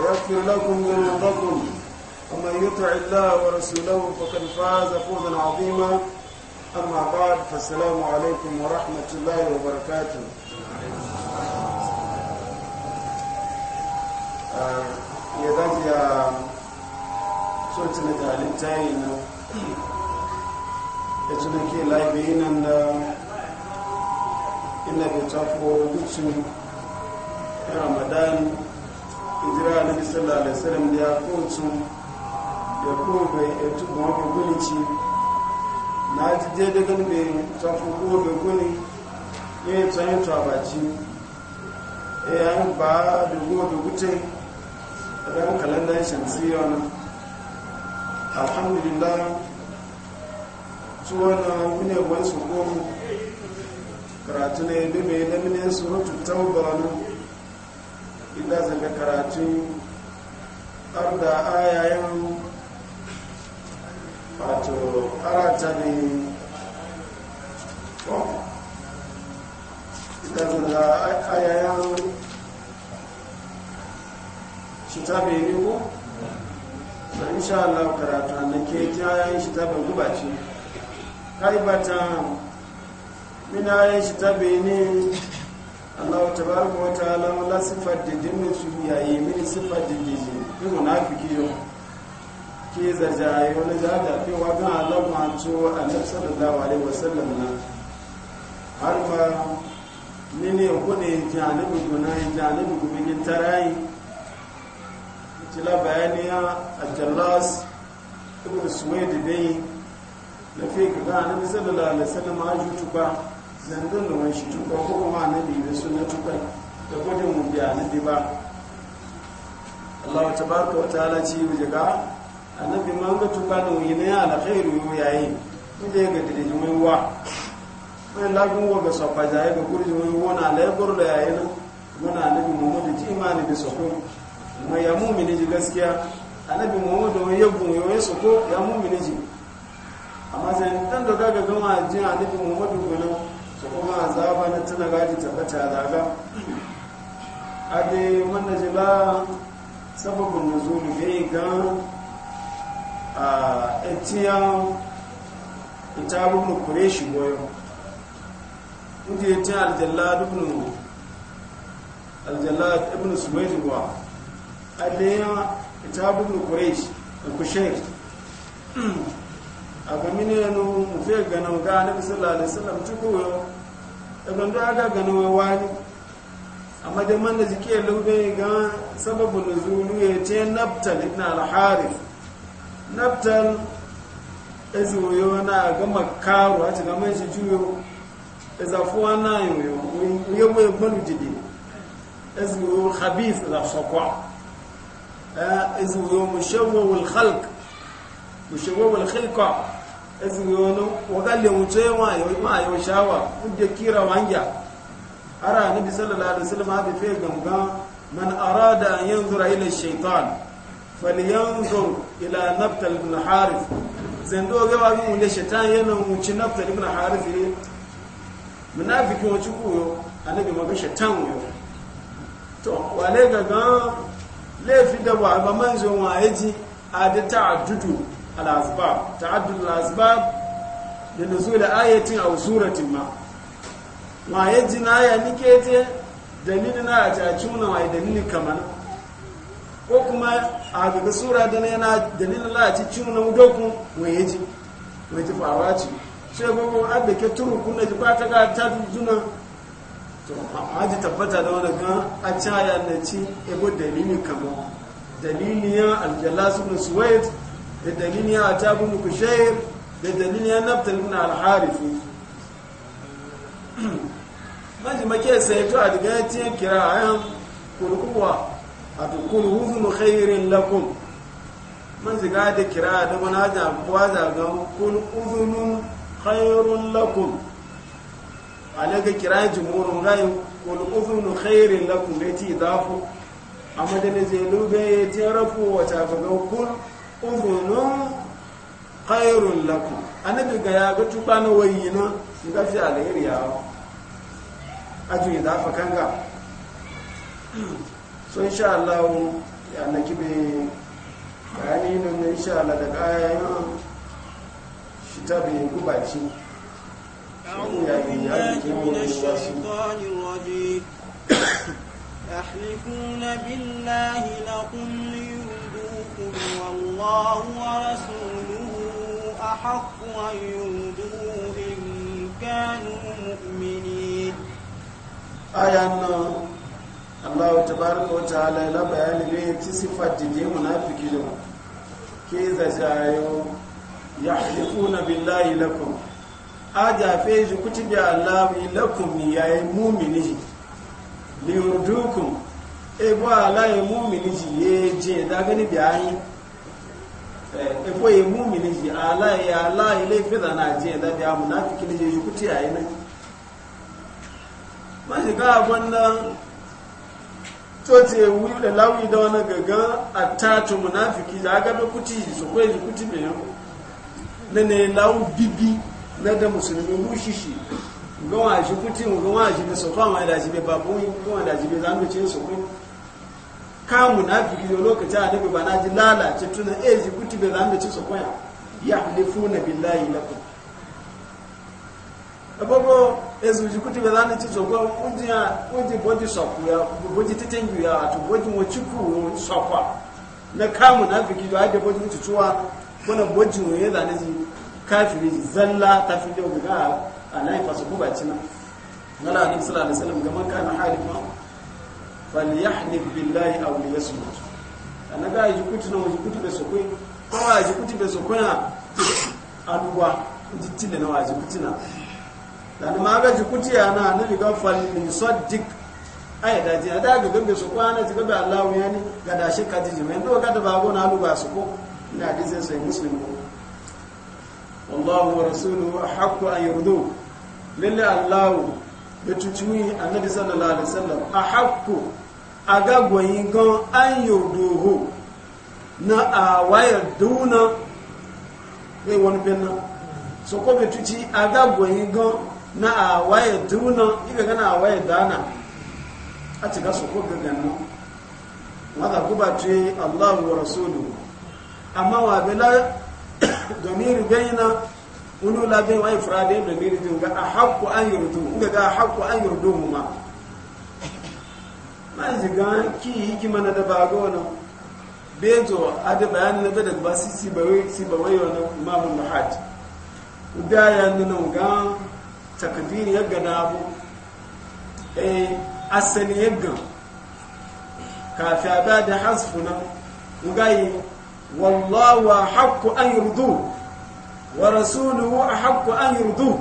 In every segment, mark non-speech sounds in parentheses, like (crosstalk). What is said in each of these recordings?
ويغفر لكم ذنوبكم ومن يطع الله ورسوله فقد فاز فوزا عظيما أما بعد فالسلام عليكم ورحمة الله وبركاته آه، يا daji يا soci na jalinta yi na ya ci da ke laibe nan da hijira na sallallahu alaihi wasallam da ya kocu ya kobe ya tuba wani ci na ji je da gani bai tafi kobe guni ya yi tsayin tabaci ya yi ba da gobe wuce a ɗan kalandar shamsiyya wani alhamdulillah tuwa na wune wani su komu karatu ne da bai lamine su rutu tauba inda zanga karatu an da ayayen wato karanta ne inda zanga ayayen shita bai ne ko da insha Allah karatu na ke ta ayayen shita bai gubace karibatan mina ayayen shita bai ne Allah tabaraka wata ala wala sifar da jinnin su yayi mini sifar da dinne bi munafiki yo ke zaja yo na zaja fi wa ga Allah ma to annabi sallallahu alaihi wasallam na har ma ni ne ko ne janibi gunayi janibi gumin tarayi tila bayani ya jallas ibn suwaid dai na fi ga annabi sallallahu alaihi wasallam ajutuba zandun da wani shi tukwa ko kuma annabi da suna tukwa da gudun mu biya annabi ba Allah ta baraka wa ta'ala ci bi daga annabi man ga tukwa da wani ne alkhairu yo yayi mun da ga dide mun wa mun la gun wa ga safa jaye ga kurji mun wona na gur da yayi nan mun annabi Muhammad ji imani da sako mun ya mu'mini ji gaskiya annabi Muhammad wani yabu yo sako ya mu'mini ji amma sai dan da ga gama ji annabi Muhammad gona su kuma azaba na tuna gaji tabbata zaga ade wanda ba sababin nuzulu bai gan a etiyan ita abubuwan kure shi goyo inda ya tiyan aljalla dubnu aljalla ibn suwaiti kuwa ade ita abubuwan kure shi da kushe a ga minenu mu fe gana ga annabi sallallahu alaihi wasallam tuku yo aga gana wani amma da man da lube ga sababu nuzulu ya ce ibn al harith na ga makaru a cikin shi juyo na jidi khabith la eh, khalq khalqa ezinyono yono wakalle mutu wa yo ma yo shawa kudde kira wanja ara nabi sallallahu alaihi wasallam abi fe gamga man arada an yanzura ila shaytan falyanzur ila nabtal ibn harith zendo ga wa mun da shaytan yana mutu nabtal ibn harith ne munafiki wa yo annabi ma shaytan yo to wale ga gaga lefi da wa ba manzo wa yaji adata adudu al-asbab ta'addud al-asbab da nuzul ayatin aw suratin ma ma yajina ya nike te dalilin na a cacuna mai dalilin kamar ko kuma a daga sura da na yana dalilin na a cacuna mudoku mai yaji mai ji faruwa ce sai gogo an da ke turu kuna ji ba ta ga ta juna to a ji tabbata da wani kan a caya na ci ebo dalilin kamar dalilin ya aljala su na suwaiti da dalilin ya atabu muku shayar da dalilin ya naftal min alharifi maji make sai to a daga yace a tukun huzun khairin lakum man ziga da kira da wani haja kuwa zaga kun uzunun khairun lakum alaga kira jumhurun rayu kun uzunun khairin lakum da ti dafu amma da ne zai lube ya ce rafu wata ga kun uzunun khairun annabi ga ya ga tuba na wayina su ga fi alheri ya aju ya fa kanga (clears throat) so insha Allah ya na kibe bayani nan ne insha Allah daga ayoyin shita bai gubaci يحلفون بالله لكم ليؤمنوا الله ورسوله أحق أن يردوه إن كانوا مؤمنين آية Allah tabaraka wa ta'ala ya bayani ne ci sifar jide munafiki da ke zajayo ya halifuna kuti bi Allah lakum ni mumini li yurdukum e ji ye je da gani bi efo ye mumini ji ala ya ala ile fida na je da ya munafiki ne je kuti ayi ne ma ji ga wanda tote wuyu da lawi da wani gaga a tatu munafiki da aka bai kuti su kwaye ji kuti me yau na ne lawu bibi na da musulmi rushishi gawa shi kuti gawa shi da sofa ma da shi bai babu gawa da shi bai zamu ce su kuma ka munafiki yo lokacin annabi ba na ji lalace tuna eh ji kuti be zan da ci sokoya billahi lakum abogo ji eh kuti be ci sokoya unji titengu ya atu boji mo chiku sokwa na ka munafiki yo ade kuna mo ji kafiri zalla ga fasu ngala sallallahu alaihi wasallam ga man kana falyahnif billahi aw liyasmut anaga jikuti na jikuti be sokwe kwa jikuti be sokona aluwa jitile na jikuti na dan ma ga jikuti ana annabi ga fal min saddiq ai da ji ada ga gambe su kwana ji gabe Allah ya ni ga da shi ka ji men do ga da bago na aluwa su ko ina ji sai sai muslimu wallahu wa rasuluhu ahqqu an yurdu lillahi Allah da tutuwi annabi sallallahu alaihi wasallam ahqqu agagwayin gan an yau na a wayar duna zai wani benin so ko bai tuci gan na a wayar duna iga gana a wayar dana a cika su ko gagan nan wadda guba ce allahu wa rasulu amma wa bela wani labin wani furadin ga a haƙƙo an ga a an mu ma manzi ga ki yi ki mana da ba ga wani bezo a da bayanin na bada ba si si bawai si bawai wani imamun mahad da ya nuna ga takdiri ya gana abu eh asali ya ga fi a da hasfuna ugayi wallahu haqqu an yurdu wa rasuluhu haqqu an yurdu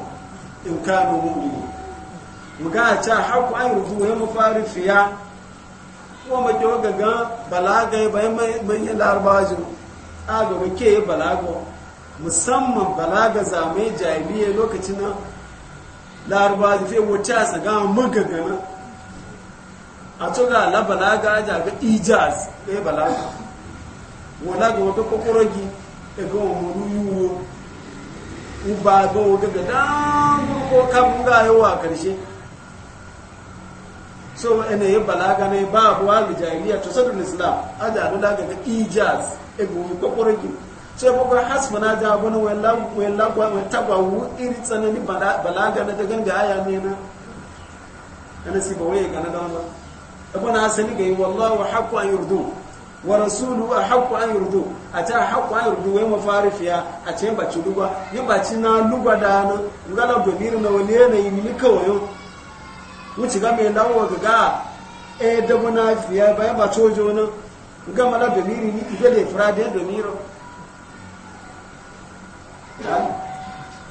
in kanu mu'minin ga ta haqqu an yurdu ya mufarifiya kuma mace wa gaga balaga ya bayan manyan larbajin agaba ke yi balaga musamman balaga zamai jahiliya lokacin na larbajin fiye wuce a saga magagana a tsoga la balaga ja ga ijaz ɗaya balaga wala ga wata kokorogi daga wa muru yiwu ba ga wa gaga dan gurko kabin gayewa a ƙarshe so ene ye balaga ne ba wa bi jahiliya to sadu islam aja do daga da ijaz e go ko koregi so ko hasma na ja bana wala wala ko wa tagwa wu iri tsanani balaga na daga ga aya ne na ana si ba waye kana da wannan abana asali ga wallahu haqqu an yurdu wa wa haqqu an yurdu ata haqqu an yurdu wa mafarifiya a ce ba ci lugwa ni ba ci na lugwa da na ngala do na wani ne ni kawai wuce ga mai lawo ga ga e eh, da muna baya ba cojo nan ga mala da miri ni ibe da fura da da miro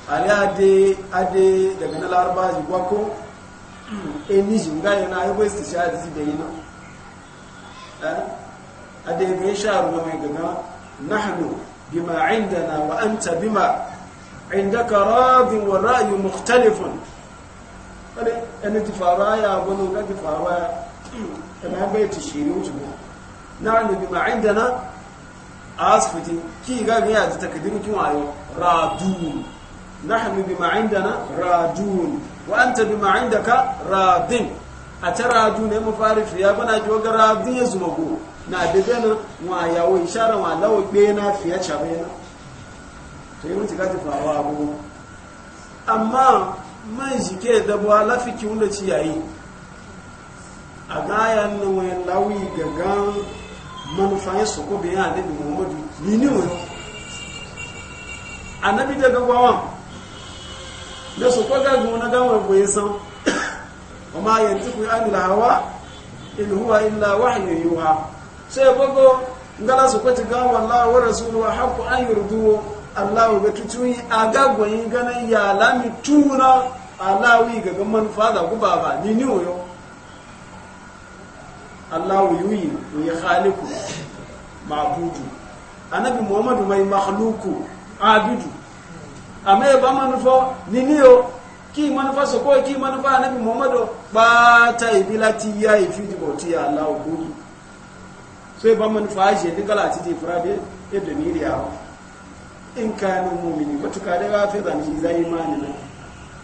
ali ade ade da na larba ji gwa ko e ni ji ga yana yi west sha ji da yi nan ade ga sha ruwa mai gaga nahnu bima indana wa anta bima عندك راض والرأي مختلف wani ɗan ti faruwa ya wani ga ti faruwa ya ɗan bai ti shi ne wuce na ne bi ma'in da na a asibiti ki ga biya ji takadirin kin wayo radun nahnu bi ma'in da na radun wa anta bi ma'in da ka radin a ta radun ne mafarif ya bana jo ga radun ya zuma go na da na wa ya yawo ishara wa lawo bena fiye na. to yi mutu ka ti faruwa abubuwa amma man jike da buwa lafiki wanda ci yayi a gayan na wani lawi gangan manufayin su ko bayan annabi muhammadu ni ne wani annabi daga gwawan da su kwa gaga wani gawar bai san amma yanzu ku an lawa in huwa illa wahyu yuha sai bago ngala su kwaci gawar lawar rasuluwa haku an yurduwo Allah ga tutuyi a gagwayin ganin ya lami tuna alawi ga gan manufa da ku ba ni ni oyo Allah yuyi ya khaliku ma'budu annabi Muhammadu mai makhluku abidu amma ya ba manufa ni ni o ki manufa so ko ki manufa annabi Muhammadu ba ta ibilati ya di boti ya Allah gudu sai ba manufa je ni kala ti di furabe ya domiriya in kanu mumini matuka da ya fi zanci zai imani na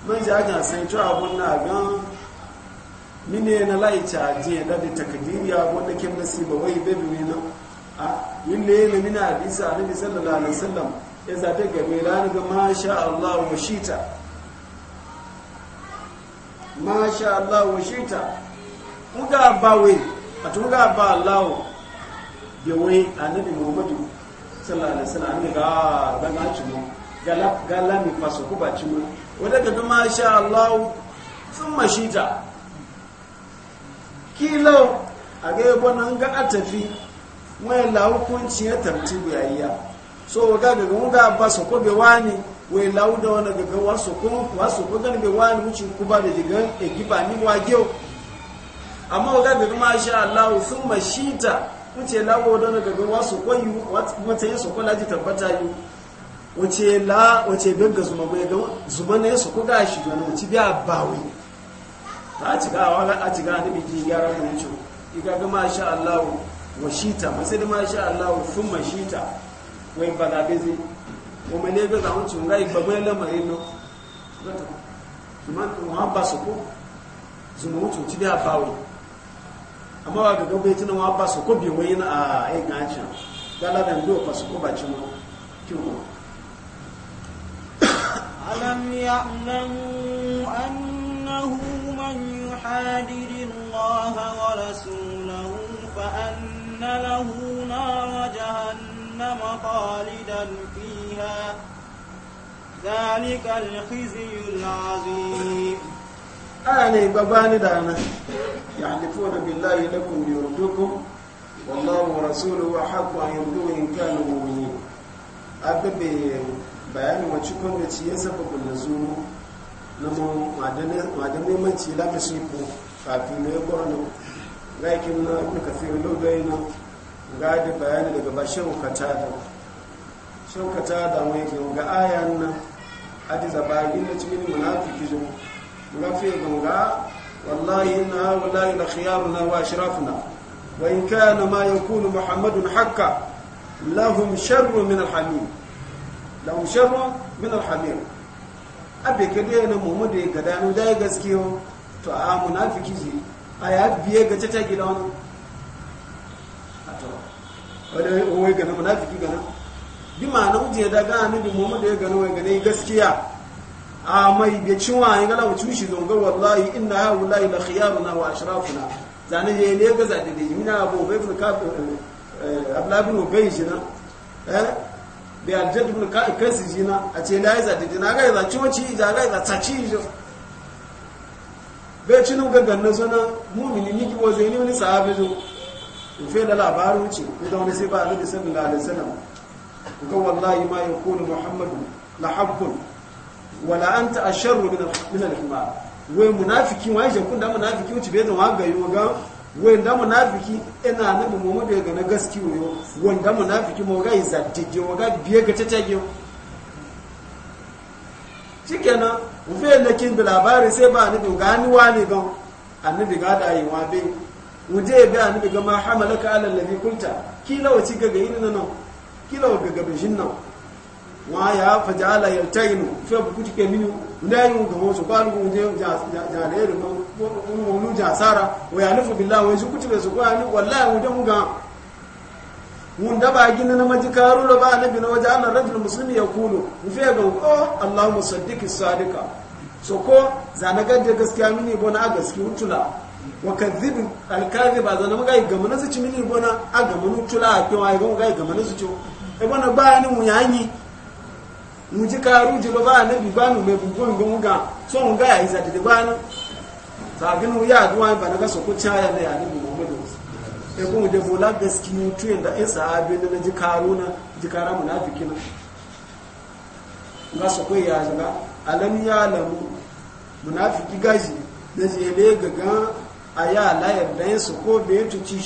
man ji aka san cewa abun na gan mine na laica jiya da da takadiri abun da kin nasiba wai bebe ne na a yin da ne mina hadisi a nabi sallallahu alaihi wasallam ya ga mai rani ga masha Allah wa shita masha Allah wa shita muga ba wai a tun ga ba Allah da wai annabi Muhammadu sallallahu alaihi wasallam ni ga ga na chumo gala gala mi paso ku ba chumo wanda ga ma sha Allah sun mashita kilo a ga yabo nan ga atafi wai la hukunci ya tartibu yayya so ga ga mun ga ba so ko be wani wai la da wani ga ga waso ko waso ko ga be wani muci ku ba da diga e ni wa geo amma ga ga ma sha Allah sun mashita wuce lawo don gaba wasu kwayo wata yin soko laji tabbata yi wace la wace bega zuma bai ga zuma ne su ko shi jona wace biya bawi ta ci ga wala a ci ga ni biki gyara da wuce iga ga masha Allah wa shita masai da masha Allah fun mashita wai ba da zai o me ne ga wuce ngai babai yin no zuma ba su ko zuma wuce ci biya bawi amma ba ga gabai tunan wa ba su ko bi na a yin ajin gala dan do fa su ko ba ci mu alam annahu man Allah wa rasulahu fa anna lahu nar fiha ذلك الخزي العظيم aya ne gbagbani da nan da بالله لكم ليرضوكم والله ورسوله وحق أن يرضوه إن كانوا مؤمنين أبي bayani wacce kun da ci ya saba kulle zuru na mu madan nemanci la ta shi ko kafin ne gwarno laikin na ibn kafir na gadi bayani daga ba shaukata da shaukata mai ga ayan nan hadiza da cikin munafiki zuwa gafe ganga wallahi inna wallahi la khiyaruna wa ashrafuna wa in kana ma yakunu muhammadun hakka lahum min alhamim lahum min alhamim abe kade na muhammadu ya gada no dai munafiki ji aya biye ga gida wani wani wai gana munafiki gana bi ma na wuce daga annabi muhammadu ya gana wai gaskiya amai bai ci wani gala wuce shi zonga wallahi inna ha wallahi la khiyaruna wa ashrafuna zane je ne ga zade da yimina abu bai fi ka eh, ablabin bai shi na eh bai aljad bin ka kansi ji na a ce la ya zade na ga za ciwoci ja ga za tsaci shi bai ci ga ganna zona mumini niki wa zai ne wani sahabi zo in fe da labarin ce ko da wani sai ba a nabi sallallahu alaihi Ko ga wallahi ma yakunu muhammadu na habbun wala anta asharru min al-himar we munafiki wai je kun da munafiki wuce bai zama ga yo ga we da munafiki ina nabi Muhammadu ga na gaskiyo yo wanda munafiki mo ga izatije wa ga biye ga tatage shikenan mu fe kin da labari sai ba nabi ga ni wani ga annabi ga da yi wa bai mu je ga annabi ga ma hamalaka ala allazi kunta kila wace ga ga yin nan kila ga ga bishin nan wa ya fa jala yaltainu fe bu kuti ke minu ndayi ga mo so kwalu ko je ja ja le ro mo mo ja sara wa ya nufu billahi wa kuti be so kwalu wallahi mu dan ga mun da ba gina na majikaru lo ba annabi na waje annar rajul muslimi ya kulu mu fe ga o allahumma saddiki sadika so ko zanaga da gaskiya mini bona a gaskiya utula wa kadhibu alkadhiba zanaga ga gamana su ci mini bona a gamana utula a kewa ga gamana su ci e bona ba ni mu yanyi muji karu jilo ba na bi banu me bugun gun ga so ga ya isa de banu ta ya duwa ba na ga so ko na ya ni muhammadu e ko de bola gaskiyu tuyen da isa na ji na munafiki na ga so ko ya ga alam ya lamu munafiki gaji da je le gaga aya la yarda yin su ko be tuci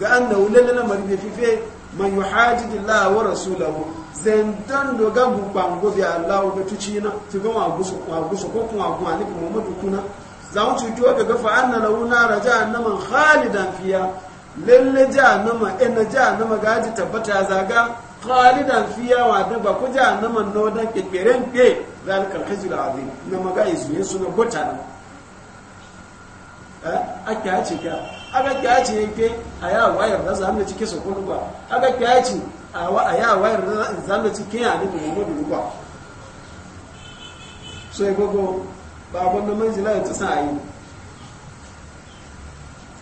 ga annahu lalana marbe fife man yuhajidu Allah wa rasulahu zendan do ga gubango bi Allah ga tucina tuga ma gusu ma gusu ko kuma kuma ni Muhammadu kuna za mu tuto ga ga fa anna lahu nara jahannaman khalidan fiya lalle jahannama ina jahannama ga ji tabbata zaga khalidan fiya wa da ba ku jahannaman no dan kekeren ke zalikal hajjul azim na maga izu yesu na gota na eh ake hace ka aga kyaci yake a ya wayar da zamu cike su kudu ba aga kyaci a wa a ya wayar da zamu cike ya ni Muhammadu ba so e gogo ba gondo manzila ya tsaya yi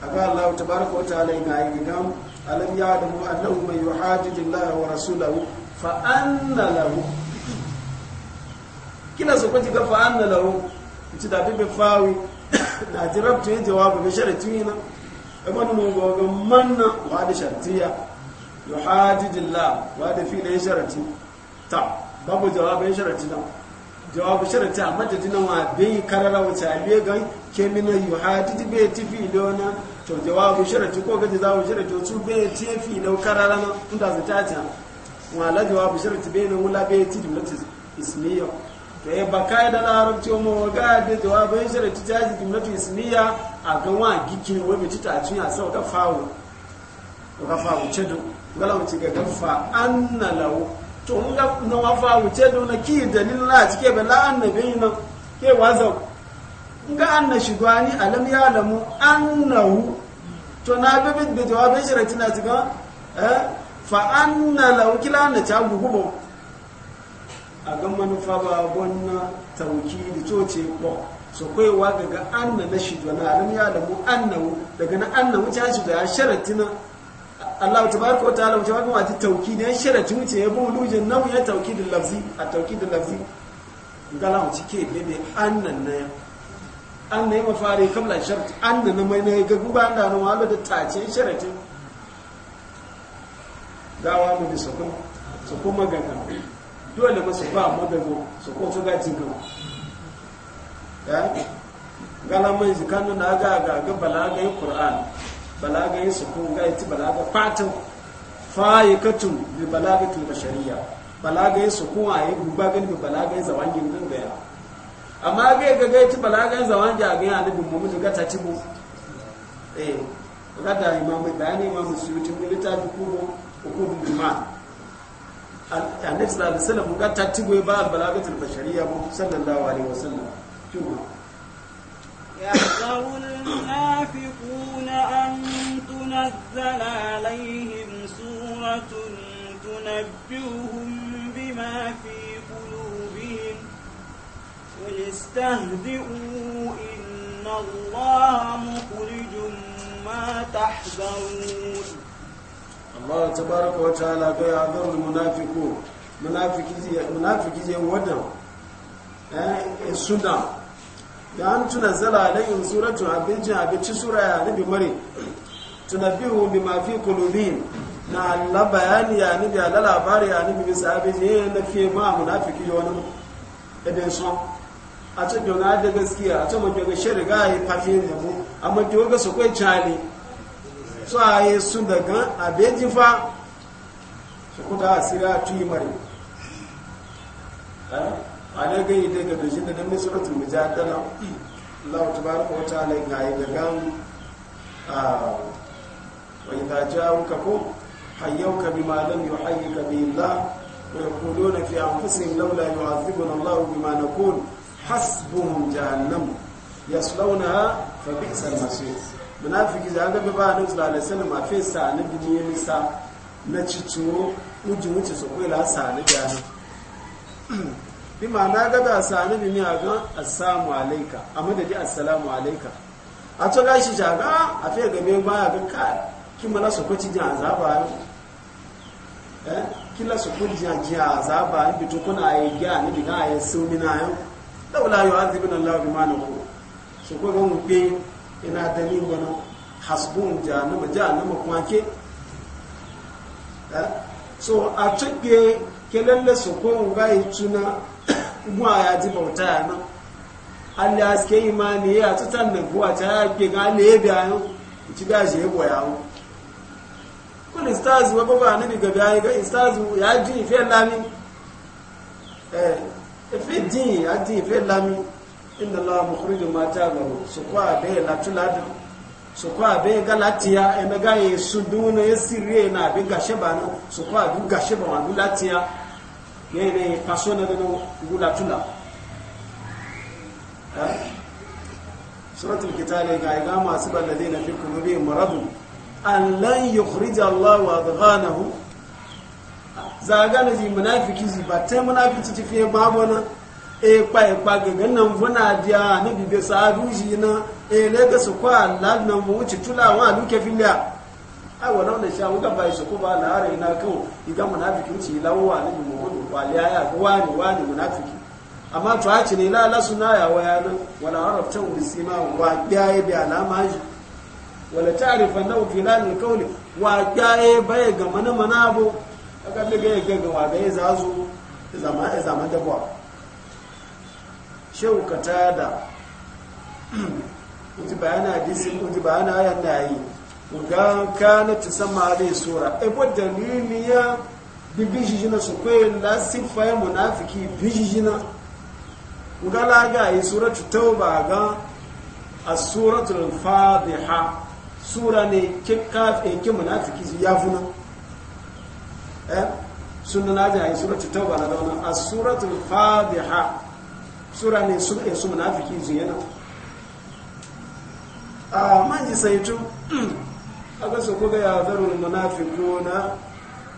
aga Allah tabaraka wa ta'ala ina yi gam alam ya da mu annahu man yuhajidu Allah wa rasulahu fa anna lahu kila su kwaci ga fa anna lahu ci da bibi fawi na (coughs) jirabtu yin jawabu bi sharatu yana ibn mugoga manna wa da shartiya yuhajijillah wa da fi sharati ta babu jawabin sharati da jawabu sharati amma da dinan wa bai karara wa taliye ga kemina yuhajiji bai fi lona to jawabu sharati ko gaji zawo sharati su bai fi lau karara na tunda zata ta wala jawabu sharati bai na wula bai to ya baka da larabci wa mawaga da jawabin shirin ta jaji gimnatu ismiya a ga wa giki wa bai ci tacin a sau ka fawo ka fawo cedo gala wuce ga gafa an na lawo to mun ga na wa fawo cedo na ki dalilin la cike ba la annabi nan ke wazau mun ga an na shigwani alam ya lamu annahu to na bibin da jawabin shirin ta ga eh, fa an na lawo kila na ta gugubo a ga manufa ba wani tauki da coce ko so kaiwa daga anna na shi na alam ya da mu daga na annahu ta shi da na Allah tabaraka wa ko ta ba ta tauki da sharati wuce ya bu lujin na ya tauki da lafzi a tauki da lafzi gala mu cike bebe annan na anna ya mafari kamla sharati anna na mai na ga guba da na wala da tace sharati gawa mu da kuma su kuma dole ba su ba madago su ko su gaji gaba ya gala mai zikanu na ga ga ga balaga yi qur'an balaga yi sukun ga ti balaga fatin fa'ikatun bi balagatul bashariya balaga yi sukun a yi guba gani bi balaga yi zawangin gan gaya amma ga ga ga ti balaga yi zawangi a gani annabi muhammad ga ta tibo eh ga da imamu bayani imamu suyuti littafi kubo hukumu jama'a annabi sallallahu alaihi wasallam ga tattigo ba albalagatul bashariyya mu sallallahu alaihi wasallam kuma يحذر المنافقون أن تنزل عليهم سورة تنبئهم بما في قلوبهم قل استهزئوا إن الله مخرج ما تحذرون Allah ta wa wata ga ya zarul munafiku munafiki je wadan eh, ya suna da an tuna zala alayhim suratu abinci abinci sura ya nabi mari tunabihu bima fi qulubihim na Allah bayani ya nabi Allah labari ya nabi abinci ya na fi ma munafiki wani idan so a ce na da gaskiya a ce mun ga shirga yi fafi ne mu amma ki ga su kai chali tsaye a sun daga abejin fa su kuta a sira tuyi mari a ne gani daga dojin da nan suratun mujadala lau ta baraka wa ta'ala ga yi daga ah, wa idza ja'uka ko hayyuka bima lam la ko ya kudo na fi anfusihim laula bi ma na naqul hasbun jahannam yaslawnaha fa bi'sal sarmasu munafiki za ga ba annabi sallallahu alaihi wasallam a fesa na bidiye misa na cicu ujin wuce su kai la sa na gani bi ma na ga da sa na bi mi a ga assalamu alayka amma da ji assalamu alayka a to ga shi jaga a fiye ga me ba ga ka kin mana su kwaci jin azaba eh kila su kwaci jin azaba bi to kuna ayi ga ni bi ga ayi sumina yau laula yu'adhibuna allah bi ma su ko ga mu ina dalil wani hasbun jahannama jahannama kuma ke eh? so a cikin kelele su ko ga tuna kuma ya ji bauta ya nan Allah aske imani ya tutan da kuwa ta yake ga Allah ya biya yau ci gaji ya boya yau kun istazu wa baba nabi ga biya ga istazu ya ji ife lami eh fe din ya ji fe lami eh, inda Allah mukhriju ma tagaru su kwa be la tulada su kwa be galatiya e mega ye suduna ye sirre na be gashe bana su kwa du gashe ba wa galatiya ye ne paso na no gula tula suratul kitale ga ga masu balladina fi qulubihim maradun an lan yukhrija Allah wa adghanahu zagana ji munafiki ji ba munafiki ci fiye babu na ekpa ekpa gege nan vuna dia ni bibe sa ruji na ele ga su kwa la na mu ci tula wa lu ke filia ai wa nan sha mu ga bai su ko ba la are na ko iga munafiki ci la wa ni mu mu ba le aya ko wa ni wa ni munafiki amma to a ci ne la la suna ya wa yana e wala arabta bi sima wa gaye bi alama ji wala ta'rifa nau fi la ni kauli wa gaye bai ga mana mana bo kaga ga ga wa ga zazu zama zama da ba shehu da (clears throat) uji bayana hadisin uji bayana ayan na yi ga kana ta sama alai sura ebo dalili ya bi bijijina su kwe la sifa munafiki bijijina ga laga yi suratu tauba ga a suratul fadiha sura ne ke kafin e, ke munafiki ya funa eh sunna na ji a yi suratu tauba na launa a suratul fadiha sura ne su ɗaya eh, su munafiki ziyana a ah, manji saitu aka (clears throat) so kuga ya zarul na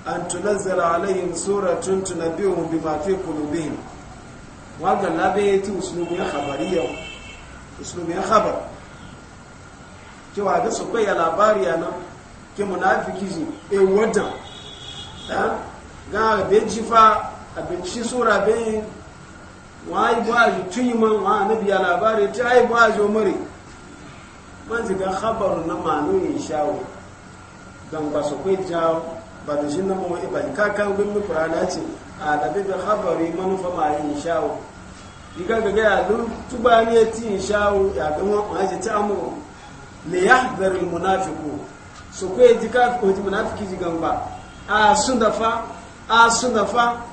an tunazzala alaihim suratun tunabbi'uhum bima fi qulubihim labe ya ti uslubu ya yau uslubu ya khabar cewa ga su kai labari yana ke munafiki ji e wadda ah, ga abin jifa abin shi sura be wa yi gwaji tun yi man wa annabi ya labari ta yi gwaji mari man ziga khabaru na manu yin shawo don ba su kai jawo ba da shi na mawa ka kan bin mi furana ce a dabi da khabari manufa ma yin shawo yi ga ga ya lu tuba ne ti yin shawo ya ga wa ji ta amuru li yahdhar al munafiqu su kai ji ka ko ji munafiki ji gamba a sun dafa a sun dafa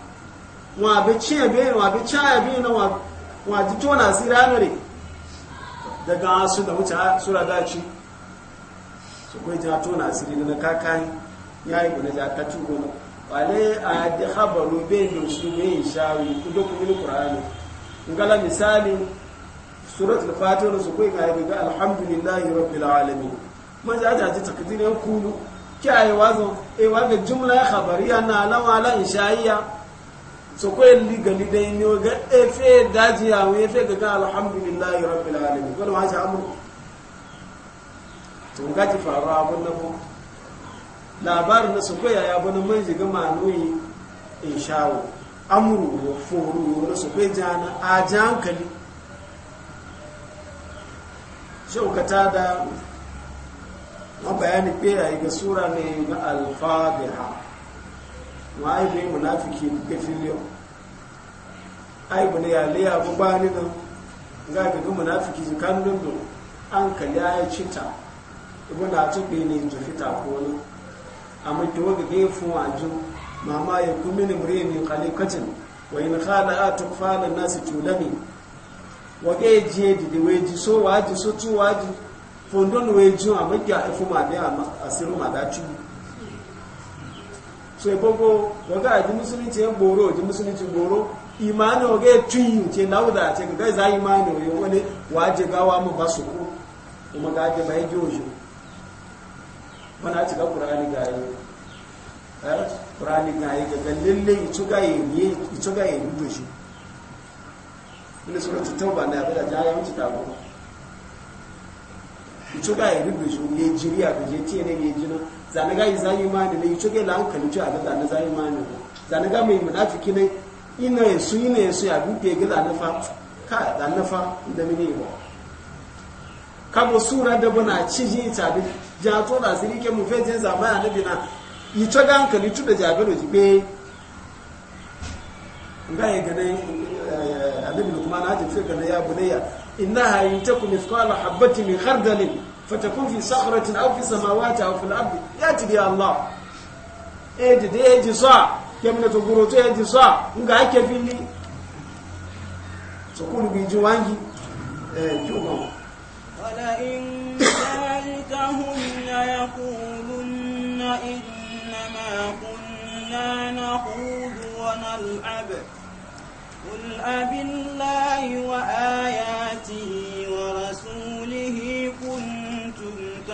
wa bi cin be wa bi cha be na wa wa ji to na sira ne daga su da wuce sura da ci su kai ja to na siri na kakai yayi gona ja ka ci gona wale a da khabaru be da su me shawi ku do ku min qur'ani ngala misali surat suratul fatiha su kai ga ga alhamdulillahi rabbil alamin man ja ja ji takdirin kulu kiyaye wazo e wa ga jumla khabariya na alama ala inshaiya so ko yin liga liga yin yau ga efe daji ya wani fe ga ga alhamdulillahi rabbil alamin wani ma shi amur to ga ji faru abun na ko labarin na su ko yaya bana man shiga manoyi in shawo amuru wa foru na su ko jana a ji hankali shaukata da ma bayani ɓera ga sura ne na alfabiha ma aibu yin munafiki ka filiyo aibu ne ya liya bu ni nan ga ga ga munafiki su kan dundu an ka ya cita ibu na tuɓe ne su fita ko a mutu wa gaga ga yi fun wajen mama ya kuma ni mure ne kalikatin wa in kada a tukfanan nasu tulami waga ya jiye didi ji so waji so tu waji fondon wejin a mutu a ifu ma biya a siru ma da tubu so ibogo yoga aji musulunci ya boro ji musulunci boro imani oga ya tuyi ce lauda ce ga za imani oyo wani waje gawa mu ba su kuma ga bai jojo ojo ci ga qur'ani ga yi eh ga yi ga lalle ituga ne ituga yi dudo na da ja ya mutu ta ko ituga yi dudo shi ne ne jina zane ga yi zayi mani mai coge la hankali ce a ga zane zayi mani zane ga mai munafiki ne ina ya su na ya su ya buɗe ga na fa ka na fa da mini ba kabo sura da bana ciji ta bi ja to da sirike mu fe jin zamana da bina yi coge hankali tu da jabelo jibe ga ya gane kuma na hajji fi gane ya ya bunayya innaha yutaku mithqala habatin min khardalin fatakun fi sakhratin aw fi samawati aw fil ardi yati bi Allah eh de de ji sa kemne to guro to ji sa nga ake fili so kulu bi ji wangi eh juba wala in zalikahum la inna ma kunna naqudu wa nal'ab قل أبالله wa ورسوله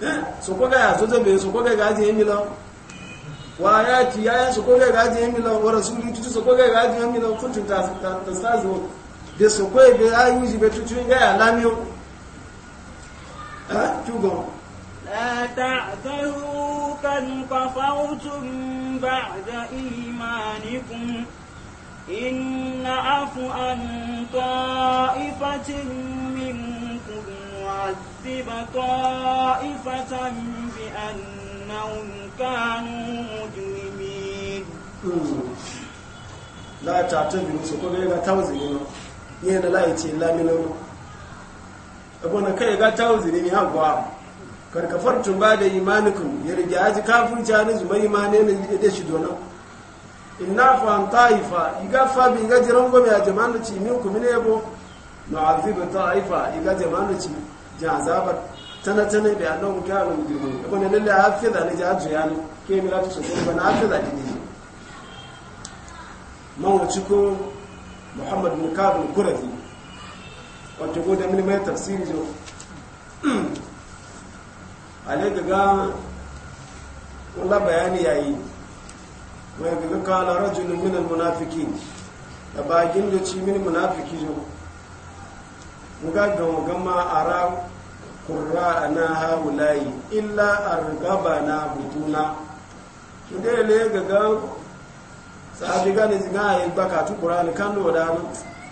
Eh, sokoga ya soja bai sokoga ga ajiye wa ya ki ya sokoga ga ajiye milan wa tutu sokoga ga ajiye milan ta ta sazo de sokoga ga ji be tutu ga ya eh, la kan imanikum يعذب طائفة بأنهم كانوا مجرمين hmm. لا تعتبر سكوبي لا توزنوا yin da laice laminan abunan kai ga tawuzini Kar ka karkafartun ba da imanikun ya rige aji kafin cani zuma imane ne da shi inna fa'an ta'ifa iga fabi iga jiran gome a jamanu min ne yabo na ta'ifa iga jamanu ja azaba tana tana bi annahu gyaru bihi ko ne lalle hafiza ne ja juyani ke mi lati so ko na hafiza dini man wuci ko muhammad bin kabul qurazi wato ko da mini mai tafsiri jo (clears throat) ale daga wala bayani yayi wai daga kala rajulun min al munafiqin da bagin da ci min munafiki jo muga ga mugamma ara qurra'ana haula'i illa argabana butuna kide le gaga sabi ga ne zinga yi baka tu qur'ani kan do da no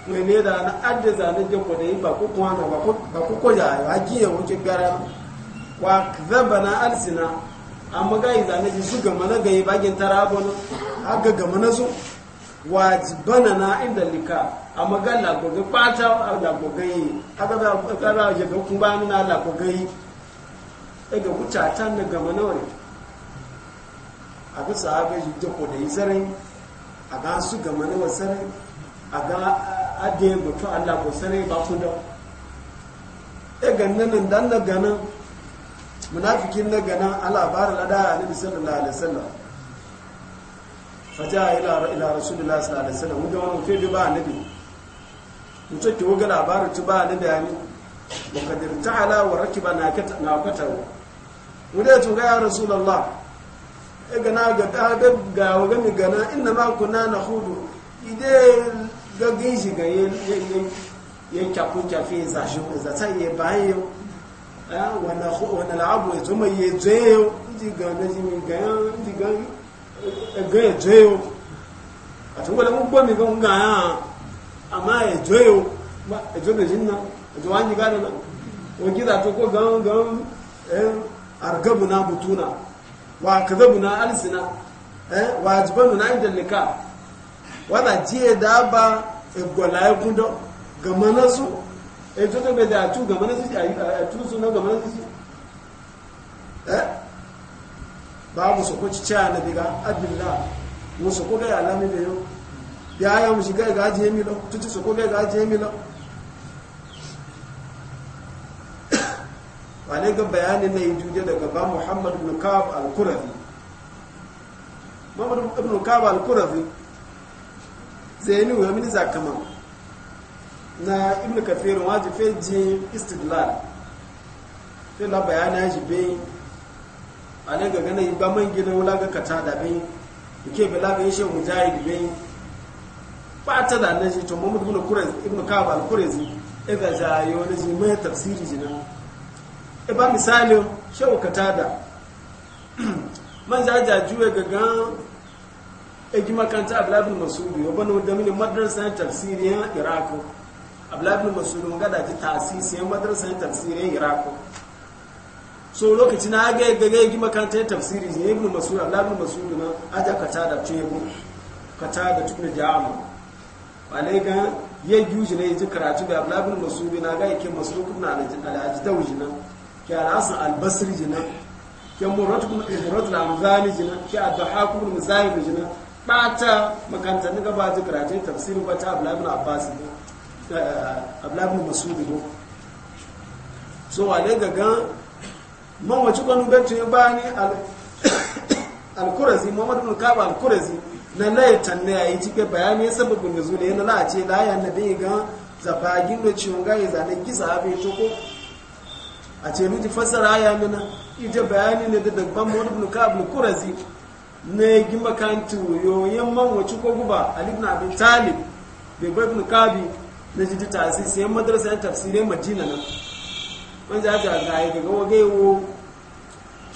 ne ne da na adde za ne je ko da ba ku kuma na ba ku ba ku ko ya haji ya wuce gara wa kadhabana alsina amma ga iza ne su ga mana ga yi bagin tarabon aga ga mana zo wajibana na inda lika amma ga lagoga fata a lagogai haka za a kara e a yaga kuma na lagoga yi daga wucatan na gama nawa ne a ga sahabai jako da yi sarai a ga su gama nawa sarai a ga adiyar mutu a ko sarai ba ku da e gannanin dan na ganin munafikin na ganin alabarin adaya na bisallallahu alaihi wasallam faja ila rasulullah sallallahu alaihi wasallam wanda wani fi ba nabi mutum ki wuga labarin ci ba ni bayani wa kadir ta'ala wa rakiba na kata na kata mu da tunga ya rasulallah ya gana ga ga ga ga mi gana inda ma kuna na hudu ide ga ginshi ga ya ye kyafu kyafe za shi za ta iya bayan wa na khu wa na labu ya zuma ye zeyo ji ga na ji mi ga ji ga ga zeyo a tun da mun gbomi ga mun ga amma ya joyo ba a jo gajin nan a jo wani gane na wani gida to ko gan gan yan eh, argabu na butuna wa kazabu na alisina eh, wa jibanu na injalika wala jiye da ba egola ekun do gama na su e jona to be da tu gama na su a tu su na gama na su eh babu su ko ci cha na diga abdullah musu ko ga alami da yau ya ya mu shiga ga ajiye mi lo tutu su kogai ga ajiye milo (coughs) wane ga bayanin na juje daga ba Muhammad ibn kawab al kurafi Muhammad ibn kawab al zai zaini wa mini zakama na ibn waje waji ji istidlal sai la bayana shi be ane ga gana ba man gina wala ga kata da be ke bala be shi mujahid be fata da nan shi to Muhammad ibn Qurayz ibn Ka'ab al-Qurayzi ega jayo ne ji mai tafsiri jinan e ba misali shehu katada (clears throat) man za ja juwe ga ga e ji makanta Abdullah ibn Mas'ud yo bano da mini madrasa tafsiri ya Iraq Abdullah ibn Mas'ud mun ga da ji tasisi madrasa tafsiri ya Iraq so lokacin na ga ga ga kanta makanta tafsiri ya ibn Mas'ud Abdullah ibn Mas'ud na aja katada ce mu katada tukuna jama'a wale ga ya juji ne ji karatu ga masu bi na ga yake masrukun na wuji jina ke alasa albasir jina ke murat al ji jina ke adhahakun muzahir jina bata makanta daga ba ji karatu tafsirin bata ablabin abbas ne masu bi ne so wale ga gan mawaci kwanu gantu ya bani al-kurazi (coughs) muhammadu bin kaba al-kurazi na laye tanne ya yi cike bayani ya sababin da zule yana la'ace da ya na bai ga zafagin da ciwon gaye zane gisa abin toko a ce luji fassara ya nuna, ije bayani ne da dagban mu ibn ka'ab Kurazi na ya gima kanti yoyin man wace ko guba ali na abin talib bai bai ibn na jiji tasisi yan madarsa yan tafsirin madina nan wanda ya ga daga wagewo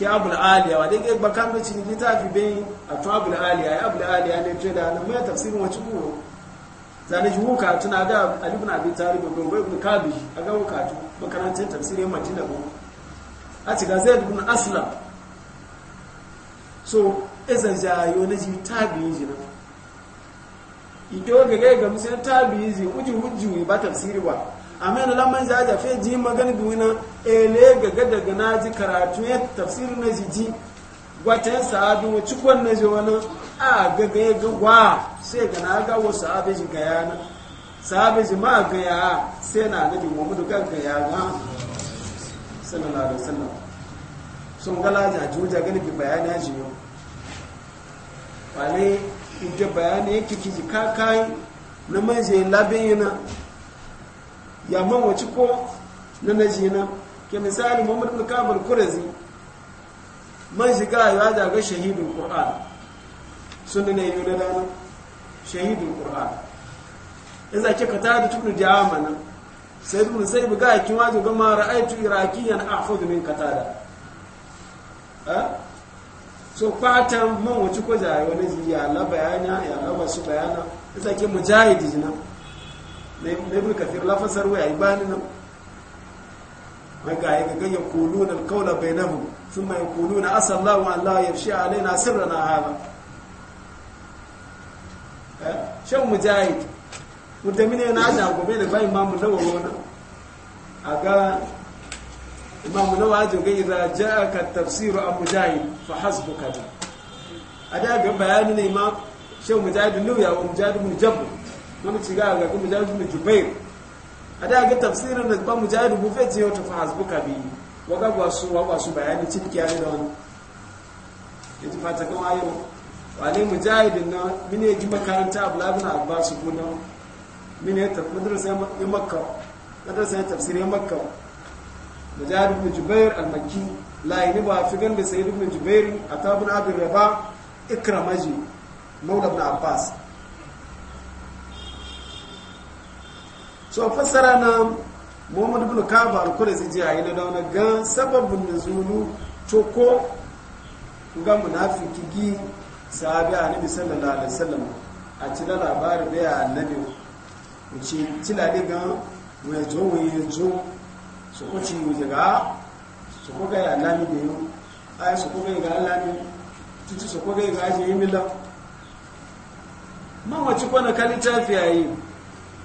ki abul aliya wa dai ba kan da cin fi bai a to abul aliya ya abul aliya ne ce da mu ya tafsirin wacce ko zane ji wuka tuna ga ali ibn abi talib ko ko ibn kabi ga wuka to makarantar tafsirin madina ko a ci ga zaid ibn aslam so ezan jayo na ji tabi ji na ido ga ga ga musan tabi ji uji uji ba tafsiri ba amma yana lamar za a jafe ji magana da wina ele eh, gaga daga na ji karatu ya tafsirin na ji ji wata yin sa'adu wa cikon na ji wani a gaga ya gawa sai ga na ga wasu abin ji ga yana sa'abin ji ma ga ya sai na nabi muhammadu ga ga ya ga sallallahu alaihi wasallam sun gala jajuja gani bi bayani ya ji yau wale inda bayani yake kakai na manje labin yana ya man wace ko na naji na ke misali muhammadu bin kabir kurazi man shiga ya daga shahidul qur'an sunna ne yi da dana shahidul qur'an in za ke ka da tukun jama nan sai dun sai buga kin wajo ga ma ra'aytu iraqiyan ahfud min qatada eh so fatan man wace ko jaye wani ya la bayana ya la wasu bayana sai ke mujahidi jinan na ibn kafir la fasar wai ai bani nan mai ga ya ga yaquluna alqawla bainahum thumma yaquluna asallahu an la yafshi alaina sirrana hada eh? shan mujahid mutamine na aja gobe da bai imamu nawawi wannan aga imamu nawawi ajo ga idza ja'aka tafsir abu jahid fa hasbuka ada ga bayani bayanin imam shan mujahid nuya wa mujahid ibn jabr mun ga ga kuma jabir jubair a da ga tafsirin da ba mujahid bufe ce wata fa hasbuka bi wa ga ba su wa ba su bayani cikin kiyaye da wani yaji fata kan ayo wani mujahidin na mine ji makaranta abu labin abbasu kuna mine ta madrasa ya makka madrasa ya tafsirin makka mujahid bin jubair al-makki la yini ba fi gan da sayyid bin jubair atabun abin raba ikramaji maula ibn abbas so fassara na muhammadu bin kaba alkura zai ji a yi na dauna ga sababin da zulu coko ga munafiki gi sahabi a nabi sallallahu alaihi wasallam a cila labarin bai a annabi wuce cila ne ga mai zo mai zo su kuci wuce ga su kuka yi alami da yau ai su kuka yi ga alami tuci su kuka yi ga ajiye yi milan man wace kwana littafi a yi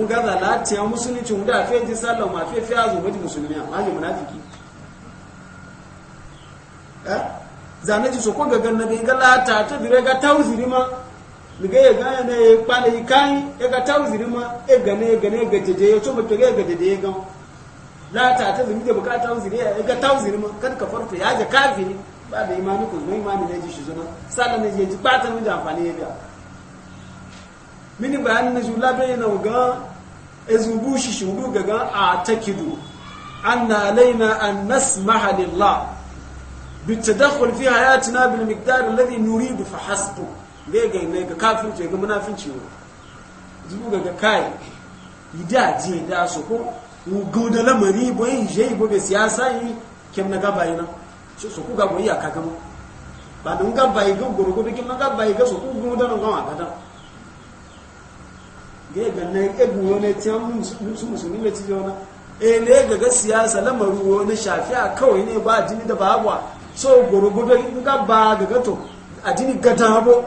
nga da latiya musulunci nga fe ji sallah ma fe fe azu wadi musulmi amma ji munafiki eh zane ji so ko ga ganna ga ga lata ta dire ga tawziri ma ga ya ga na ya pale kai ya ga tawziri ma e ga ne ga ne ga jeje ya to mutu ga ga jeje ga lata ta zumi da bukata tawziri ya ga tawziri ma kan ka farto ya ga kafiri ba da imani ko mai imani ne ji shi zuna sallah ne ji ba ta mun da amfani ya biya mini bayan na labe yana ga ezubu shi shudu ga a takidu na laina an nasmaha lillah dakwal fi na bil miqdar nuri nuridu fa hasbu ne ga ne ga kafirce ga munafinci ne zubu ga kai ida ji da so ko go da lamari boye je bobe siyasa yi kem na gaba yana so so ku ga boye aka gama ba dun gaba yi ga gurgudu kem na gaba yi ga so ku gudan gama kada ga na ebu wani tiyan musu musulmi da ci wani e ne ga ga siyasa lamaru wani kawai ne ba jini da bagwa so gorogodo ga ba ga gato a jini gata habo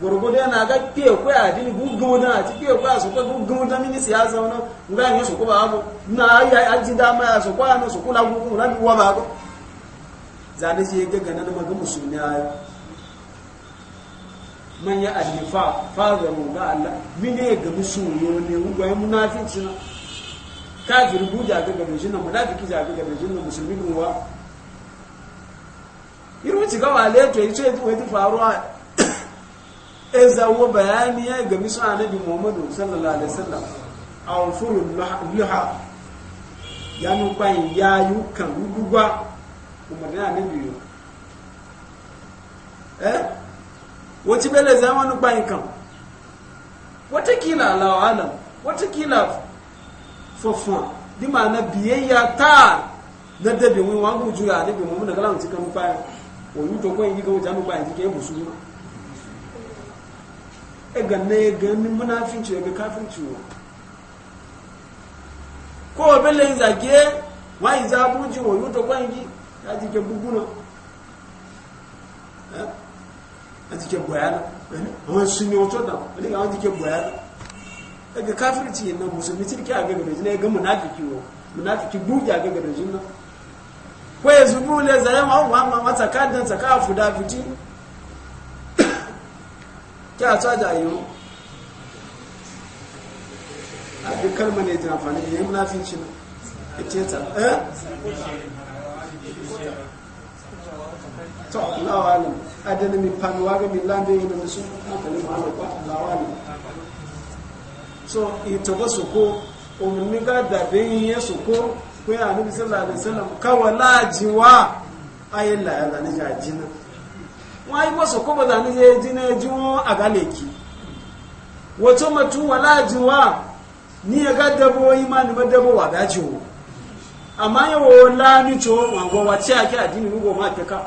gorogodo yana ga fiye kwa a jini na a su kwa mini siyasa wani su na ya aji dama ya su na su kula na biwa ba habo zane shi ya musulmi a yau man manya alifa fazaru ga Allah mine ga musu yo ne ugo ai munafici na kafir buja ga ga mujin nan munafiki ja ga ga mujin nan musulmi ne wa iru ci ga wale to yace wai faruwa e zawo bayani ya ga musu annabi Muhammadu sallallahu alaihi wasallam aw furu liha ya nu pa ya yu kan gugwa umarna annabi yo eh wace bela zamanu bayan kan watakila alawalam watakila fafon di ma'ana biyayya ta na dabe wani wangu juya a dabe mamu daga lamunci kan bayan wani to kwan yi ga wajen mu bayan jike musu ne e ga ne ga ni munafinci e ga kafinci wa ko bela yin zage wani zabuji wani to kwan yi ya jike buguna eh? an jike boyana wani sun yi wato da wani ga wani jike boyana daga kafirci yin nan musulmi cirki a gagara jina ya ga munafiki wa munafiki buge a gagara jina ko ya zubu le zayen wa wa ma mata kadan ta ka fuda fiti kya ta da yiwu a duk kalmar ne ta amfani da yin munafici na ita ta eh to Allahu alam adana mi panwa ga mi lambe ina mi su ko kalin ma ko Allahu alam so ito ba su ko umarni ga da bin ya su ko ko ya nabi sallallahu alaihi wasallam kawala jiwa ayin la ya ni ja jina wai ba su ko ba da ni je jina jiwo a galeki wato matu wala jiwa ni ya ga dabo imani ba dabo wa da jiwo amma yawo la ni to wa wa ce ake adini rugo ma ke ka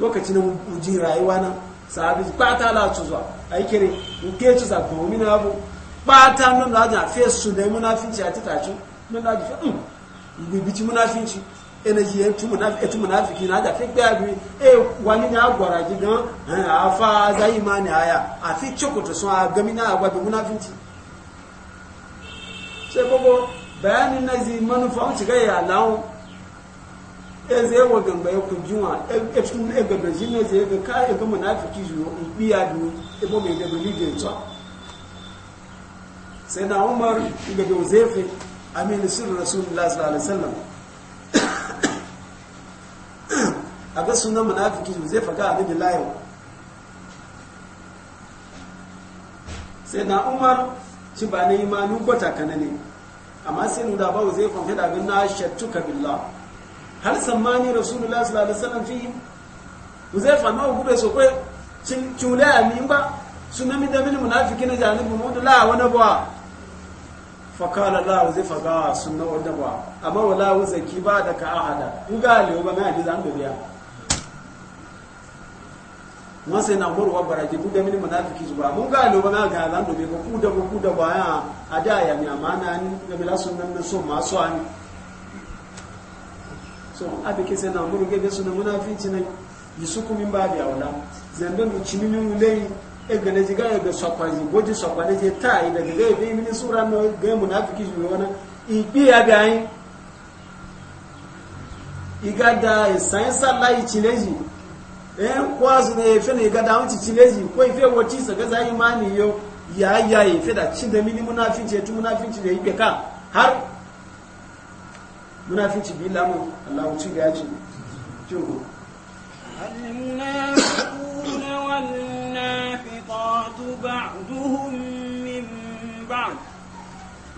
lokaci na mujin rayuwa na sahabi bata la tuzwa ai kere nke tuzwa ko mi na bu bata no na ja fe su da munafici a titaci no na ji um hmm, ibi bici munafici energy e eh, tu munafi e tu munafiki na ja fe gbe abi e eh, wani na agwara ji gan afa za imani aya afi chokoto so agami na agwa bi munafici sai gogo bayanin nazi manufa ci ga ya lawo ɗan zai wa gamba ya cikin ne zai ga ka ya gama na fiki biya biyu ibo mai sai na umar ga da sirri sallallahu a ga sunan zai faga abin da layo sai na umar shi ba na amma sai nuna ba zai fanfi abin na shattuka billah Har sammani rasulullah sallallahu alaihi wasallam fi uzaifa ma gudu so ko cin tulaya min ba sunami da min munafikin janibu mu la wana ba fa kana la uzaifa ga sunna wanda ba amma wala uzaki ba da ka ahada uga le ba na ji zan dubiya sai na goro wa baraki ku da min munafiki zuwa mun ga le ba na ga zan dubiya ku da ku da ba ya ada ya mi amana ni ga bila sunnan so ma so ani so abe ke sai na muruge be suna munafici ne yusuku min ba da aula zando mi chiminu ulei e gane jiga e be sokwaji boji sokwane je tai da gege be min sura no ge munafiki ju wona ibi abi ayin igada e sansa lai chileji eh kwazu ne e fe ne igada e unti chileji ko ife e woti sa gaza imani yo ya ya ife da chinda mini muna munafici tu munafici da ibe ka har munafici bi lamu Allah ci ga ci ci ko alimna kuna wal nafiqatu ba'duhum min ba'd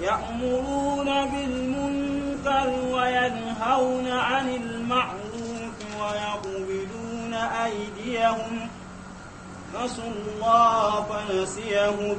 ya'muruna bil munkar wa yanhauna 'anil ma'ruf wa yaqbiduna aydiyahum nasu Allah fa nasiyahum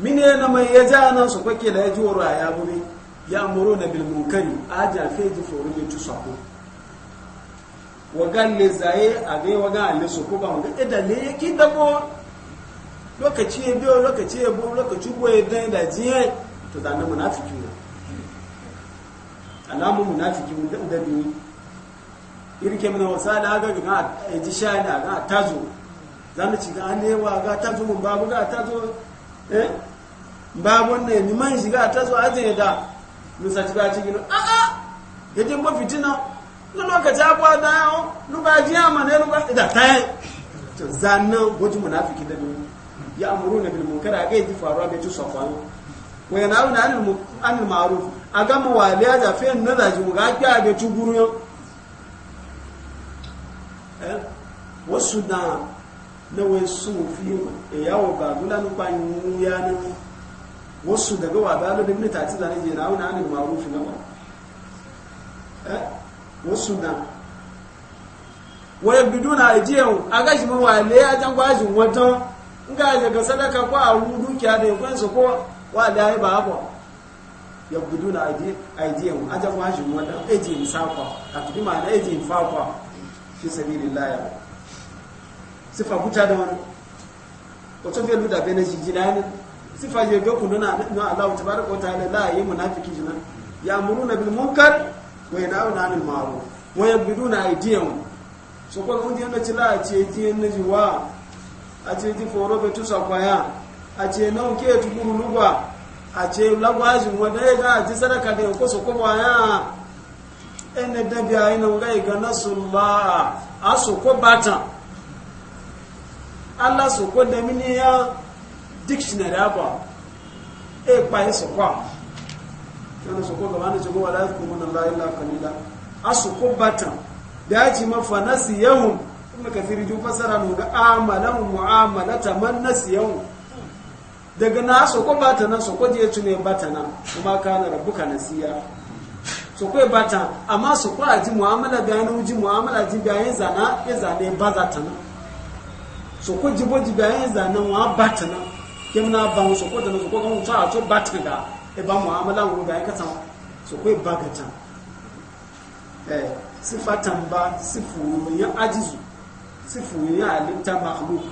mine na mai ya ja nan su kwake da ya ji waro a ya gumi ya muro na bilmunkari a ja feji foru ne tu sako wagan le zaye a ga wagan alle su ko ba mu ga e da le ki da bo lokaci ya biyo lokaci ya bo lokaci bo ya dan da jiye to da na munafiki ne alamu munafiki mun da da biyu irke mun wasa da ga ga e ji shani ga tazo zamu ci ga alewa ga tazo mun babu ga tazo eh babon ah, ah, eh, ne mi man shiga ta da a a yaje mo fitina na lokaci abuwa da yawo lu ba da ta to zannan goji munafiki da dun ya amuru na bil munkara ga yi faruwa bai ci sofan wa yana wani anil anil ma'ruf aga mu fe na da ga ga eh na wai su fi yawo ba gulanu ba yi yana wasu daga wadalo da mita tati zane je rawu na anil na ba eh wasu da waya biduna ajiyan agaji ma wale a jan gwaji wato nga je ga sadaka ko a rudu kiya da kun su ko wale ai ba ya ajiyan ma na eji fakwa fi sabilillah sifa buta da wani ko to bene sifa je ga kunu na na Allah tabaraka wa ta'ala la yi munafiki jina ya'muruna bil munkar wa yanhauna 'anil ma'ruf wa yabduna aydiyahum so ko mun dinga cila a ce ti na jiwa a ce ti foro be tu sakwaya a ce na ke tu buru lugwa a ce lagwajin wanda ya ga ji sadaka da ko so ko waya ene da bi ayi na ga ga nasullah aso ko bata Allah so ko da mini dictionary apa e pa yeso kwa kana soko ga wani jago wala yakun a Allah batan da ya kubatan mafa mafanasi yahum kuma ka ju fasara no ga amalan ta man nasiyahu daga na soko bata na soko je tunai batan na kuma na rabuka na siya, soko bata amma soko ji mu'amala da yana uji mu'amala ji da yana zana ya zane bazata na soko jibo ji da yana zana wa bata na kem na ba so ko da so ko kan sa ga e ba muamala ga e ka tan so ko e ba eh, sifatan ba ya ajizu sifu ya alimta makhluq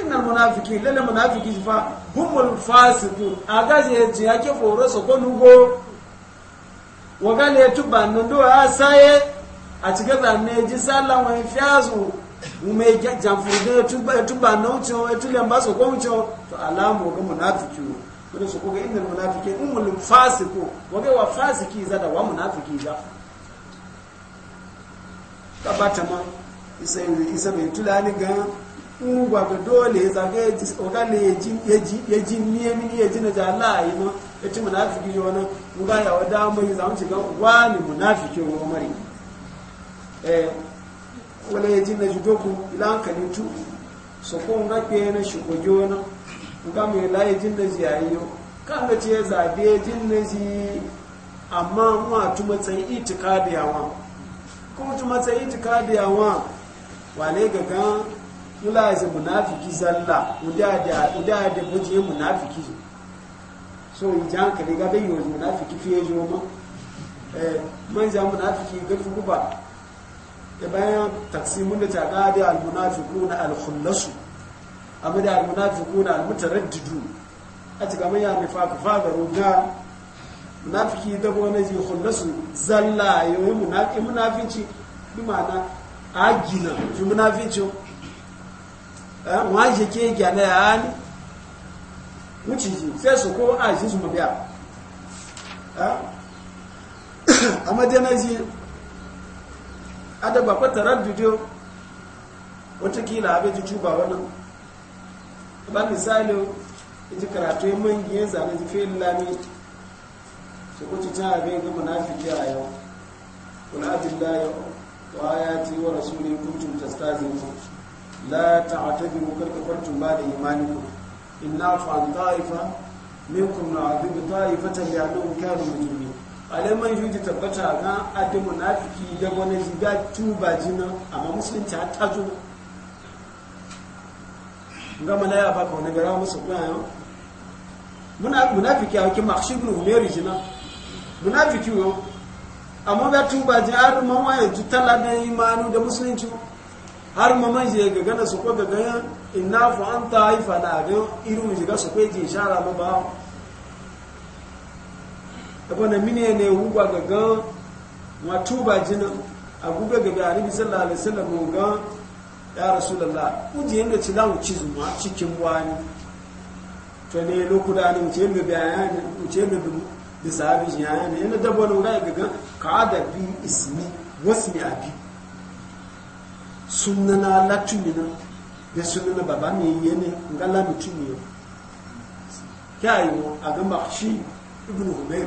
innal munafiqin lalla munafiqin na humul fasiqun agaje je yake foro so ko nugo wagale tuba ndo a ume jamfurde tuba na wucewa tulen ba su ko wucewa to alamu ga munafiki wani su koga inda munafiki Umu mulun fasiko wage wa fasiki za da wa munafiki za ka bata ma isa mai tulani ga in ga dole za ga wakale ya ji niye mini ya ji na jala yi ma ya ci munafiki wani in ga yawa damar yi za mu ci ga wani munafiki wa mari eh, wala ya na ji doku ila hankali tu so ko nga ke na shi ko jona nga me la ya ji na ji ayo kan ga ce zabe ya ji na ji amma mu a tuma tsayi itikadi yawa kuma tuma tsayi itikadi yawa wale ga gan kula ya munafiki zalla uda da uda da buje munafiki so ijan ka daga bai yi munafiki fiye joma eh manja munafiki ga fuguba da bayan taksimin da taƙa da almunafiku na alkhullasu amma da almunafiku na almutaraddidu a cika manya mai faga roga munafiki da wani ji khullasu zalla yi munafiki munafici bi mana agina fi munafici wani je ke gyana ya hali wuce ji sai su ko a ji su mabiya amma dai na ji ada ba kwa taraddudo watakila abin ji cuba wani ba misali ji karatu yin mangi yin zane ji fiye lami su kuci ta abin ga munafiki a yau kuna jilla yau wa ayati wa rasuli kuntum tastazimu la ta'tadiru kal kafartum tumba da imani imanikum inna fa'an ta'ifa minkum na'adhibu ta'ifatan bi'adhum kanu mujrimin aleman yuji tabbata na adi munafiki da wani ziga tuba jina amma musulunci har ta zo ga ya baka wani gara musu kwayo muna munafiki hakin makshibin umeri jinan munafiki yau amma tu tuba jina har ma yanzu ji talaben imanu da musulunci har maman je ga gana su ko ga ina inna an ta haifa na ga irin shiga su kai jin shara ma ba abana mine ne hugwa gaga wa tuba jina aguga gaga annabi sallallahu alaihi wasallam ga ya rasulullah kuje inda ci lawo ci zuma cikin wani to ne lokuta ne mu ce mu bayani mu ce mu da sahabi shi yana ne yana dabba nan ga gan ka da bi ismi wasmi abi sunana latumina da sunana baba ne yene ngala mutum ne kai mu a ga makshi ibnu humayr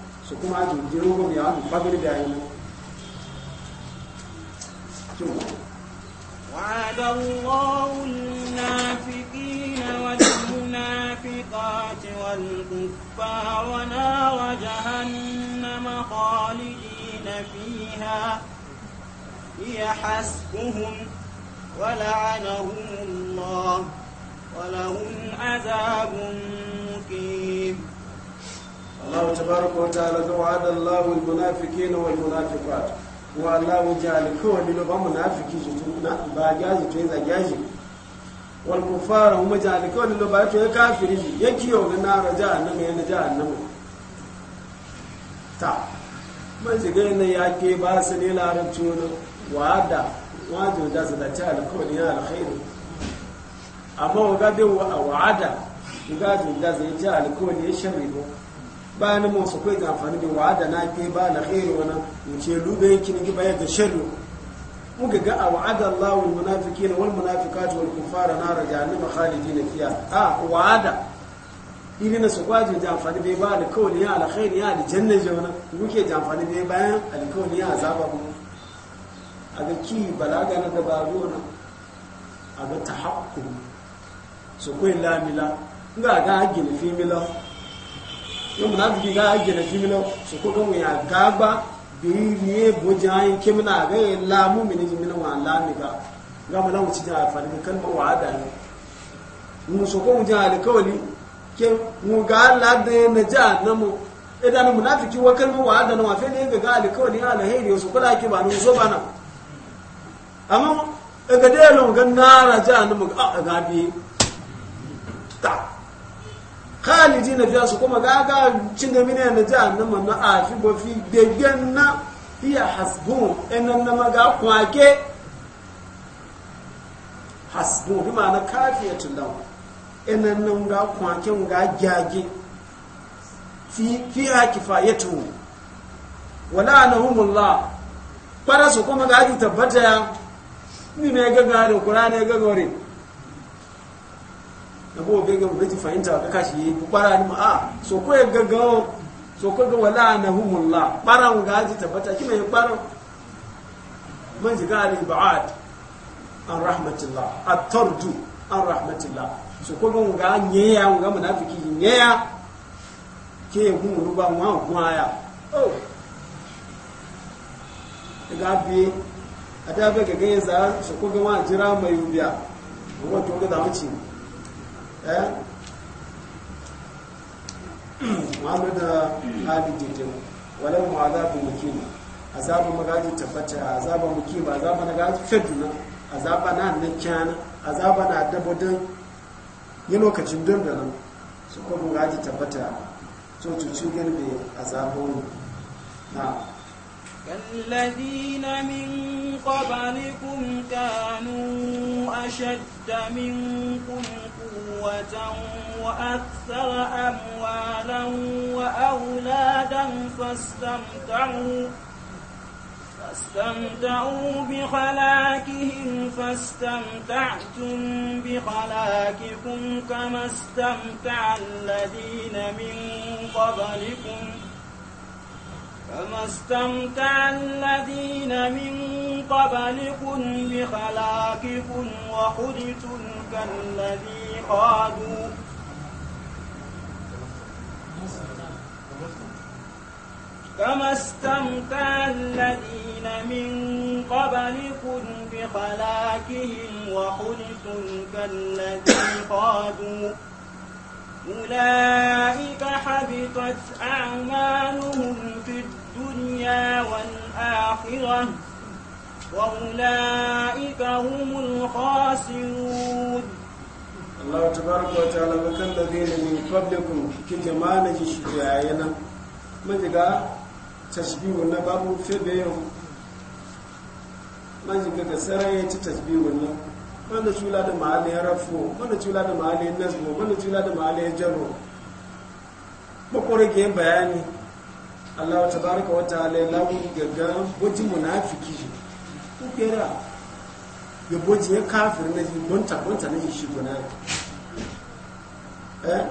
su وعد الله النافقين والمنافقات والكفار نار جهنم خالدين فيها هي حسبهم ولعنهم الله ولهم عذاب مقيم الله تبارك وتعالى وعد الله المنافقين والمنافقات والله جعل كل لبا منافقي جتنا باجاز تيزا جاجي والكفار هم جعل كل لبا تيزا كافر يكيو لنا رجاء نما ينجا نما تا من زغين ياكي باس لي لارتون وعدا واجو جاز دا تعال يا الخير أما وقد وعدا وغادي جاز يجعل كل شر bayan mun su kai ga amfani da wa'ada na ke ba la khairu wa mu ce lube yake ki bayar da sharru Mun ga ga wa'ada Allahu al-munafiqina wal munafiqati wal kuffara nar jahannama khalidina fiha a wa'ada ili na su kwaje da amfani da ba da kawai ya khairu ya da janna je wana muke da amfani da bayan kawli ya azaba mu a ga ki balaga na dabaru na a ga tahakkum su kai lamila ga ga gilfi mila yo munafiki ga ajena jimino su ko ga ya gaba bin ne bojan kimna ga la mu'mini jimino wa la mi ga ga mu lawo ci da fa ni kalma wa'ada ne mu so ko mu ja alkawli ke mu ga la da na ja na mu idan munafiki wa kalma wa'ada na wa fe ne ga alkawli ala hayri su kula ki ba ni so bana amma ga dalon ga nara ja na mu ga bi ta khalidi na fiya su kuma gaga cin gami ne na nama na fi ba fi gaggen na iya hasbun ɗanan na maga kwake hasbun fi ma na ya tun dawa ɗanan na ga kwaken ga gyage fi haki fayatu wala na humulla fara su kuma ga aji tabbata ya ni ne gaga da kura ne gaga wurin da kuma ga ga ji fahimta ka kashi yi bara ni ma'a so ko ya gaggawo so ko ga wala nahumullah baran gaji tabbata kima ya baran man ji ga al-ibad an rahmatilla at-tarju an rahmatilla so ko ga ga nyeya ga munafiki nyeya ke yi gumu ruba ma gwaya oh ga bi adabe ga ga yanzu so ko ga wa jira mai yubiya wato ga da wuce Eh? muhammadu da hali jijin walau mu azabu mukima azabu magaji tabbata azabu mukima azabu na gaji feduna azabu na nan a azabu na dabodin yi lokacin dandanan su kuma gaji tabbata so cucu girbe azabu na كالذين من قبلكم كانوا أشد منكم قوة وأكثر أموالا وأولادا فاستمتعوا فاستمتعوا بخلاكهم فاستمتعتم بخلاقكم كما استمتع الذين من قبلكم فما استمتع الذين من قبلكم بخلاقكم وخذتم كالذي خادوا كما استمتع الذين من قبلكم بخلاقهم وخذتم كالذي خادوا أولئك حبطت أعمالهم في الدنيا الدنيا والآخرة وأولئك هم الخاسرون الله تبارك وتعالى وكان الذين من قبلكم كما نجي شجاعنا majiga tasbihu na babu febe yau majiga ga sarai ci tasbihu na wanda tula da mahalin rafu wanda tula da mahalin nasbo wanda tula da mahalin jaro makwara ke bayani Allah ta wa ta'ala ya lagu gaga gwajin munafiki ku kera ya gwaji ya kafir na yi bonta bonta na shi gona eh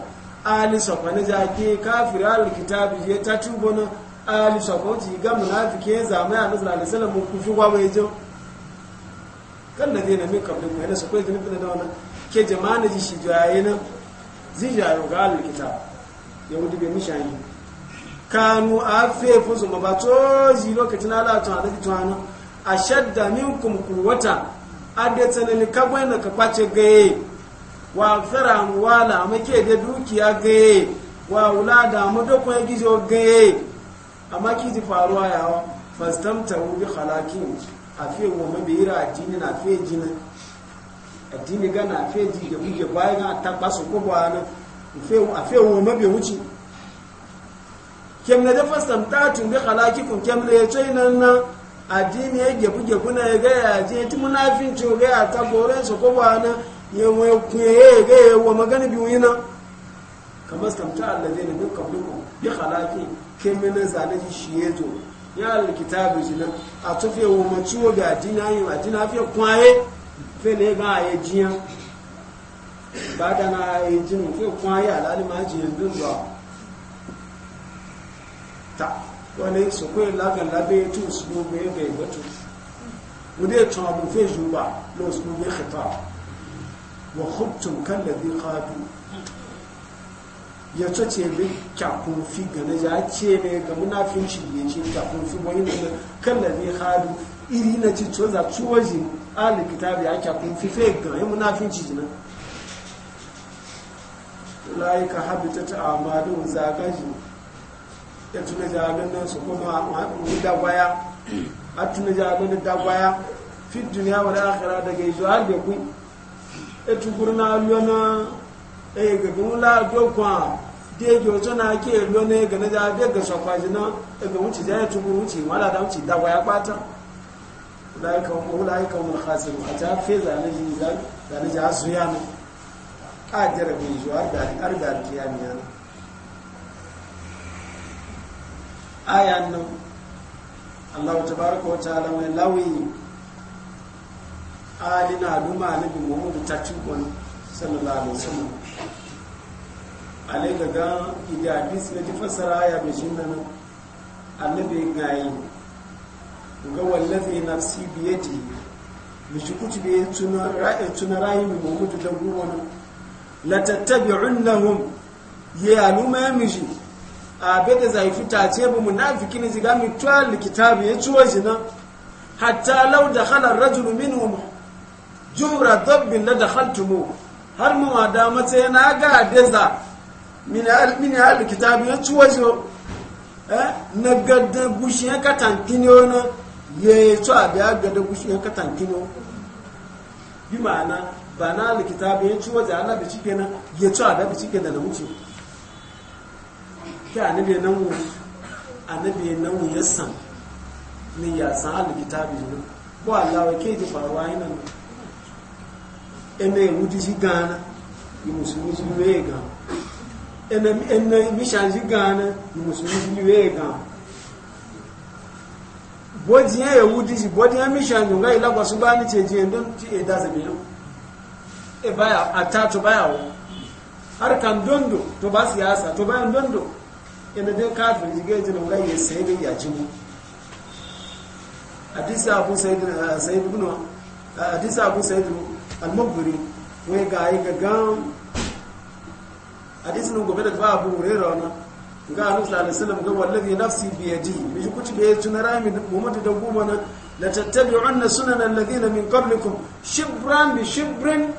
ali sofa na jake kafir alikita biyu ya tubo na alisa sofa ji ga munafiki ya zama ya nazar alisala alaihi wasallam gwa fi gwawe jo kan da dena min kabli mu yana su kai da wani ke jama'a na ji shi jaye na zijayo ga alikita yahudu bai mishayi kanu afefu su ba to zi lokacin ala to ala to ana ashadda minkum a adatana ne ka gwaina ka kwace gaye wa akthara amwala amake da dukiya gaye wa wula da mu madoko ya gizo gaye amma kiji faruwa yawa fastamta bi khalakin afi wo mabira addini na afi jina addini ga na afi ji da buge bayan ta basu ko bana afi wo mabe wuce kem na dafa tun bi khalaqikum kem na yace nan na addini ya gebu gebu na ga ya je ti munafin to ga ya ta gore su ko ba na ya mu ku ye ga ya wa magana bi na kama samta alladheena bi qablikum bi khalaqi kem na zalaji shi to ya alkitabu jina a tufe wa maciwo ga addini ayi addini afi kwaye fe ne ga ya jiya ba da na yi jin fe kwaye alali ma jiyan din ba. ta wani su kwe lagan labe tu su no be be batu wude abu fe juba lo khita wa khubtum qadu ya ce kyakun fi na ce ne ga ce fi wani ne kal ladhi qadu iri na ci to za tuwa kitabi kyakun fi fe habitat a'malu ya tuna jagan su kuma mu dagwaya a tuna jagan da dagwaya fi duniya wa da akhira daga izo har da ku e tukuru na aluwa na e gaga wula ajo kwa di jo to na ke aluwa na e gana ja abe ga sokwa ji na e ga wuce ja e tukuru wuce wala da wuce dagwaya kwata ulaika ulaika mun khasir a ta fe zane ji zane ji asu ne a jarabe zuwa har da har da kiyamiya aya nan Allah tabaraka wa ta'ala wani lawi alina duma nabi Muhammad ta tukun sallallahu alaihi wasallam alai daga idan hadis ne ta fasara aya bai shin nan annabi gayi ga wallazi nafsi biyadi mishikuti bi tuna ra'i tuna ra'i Muhammad da ruwan la tattabi'unnahum ya aluma mishi abinda da zai fita ce bu munafiki ne ziga mi tuwa likitabi ya ciwo shi nan hatta lau da halar rajulu minhum jumra dabbin da dakhaltumu har mu da mace yana ga deza min y'a min al kitabi ya ciwo shi na gadda bushi ya katantino na ye to abi agada bushi ya katantino bi ma'ana ba na al kitabi ya ciwo da ana bi cike na ya to ada bi cike da na wuce ke annabi nan mu annabi nan mu yassan ni ya san alkitabi ne bo Allah wa ke ji faruwa yana ene wuti shi gana ni musulmi shi we ga ene ene mi shan shi gana ni musulmi shi we ga bodi ya wuti shi bodi ya mi shan yunga ila kwa subani cheje ndon ti edaze mi e baya atato baya har kan dondo to ba siyasa to bayan dondo ina dai kafin jige jin ga ya sai da ya jimu hadis abu sayyid sayyid ibn hadis abu sayyid al almaguri wai ga ai ga gan hadis nun gobe da babu hurera wana ga a sallallahu alaihi wasallam ga wallazi nafsi bi yadi bi kuti be tunara mi muhammadu da goma na da la tattabi'unna sunana na min qablikum shibran bi shibran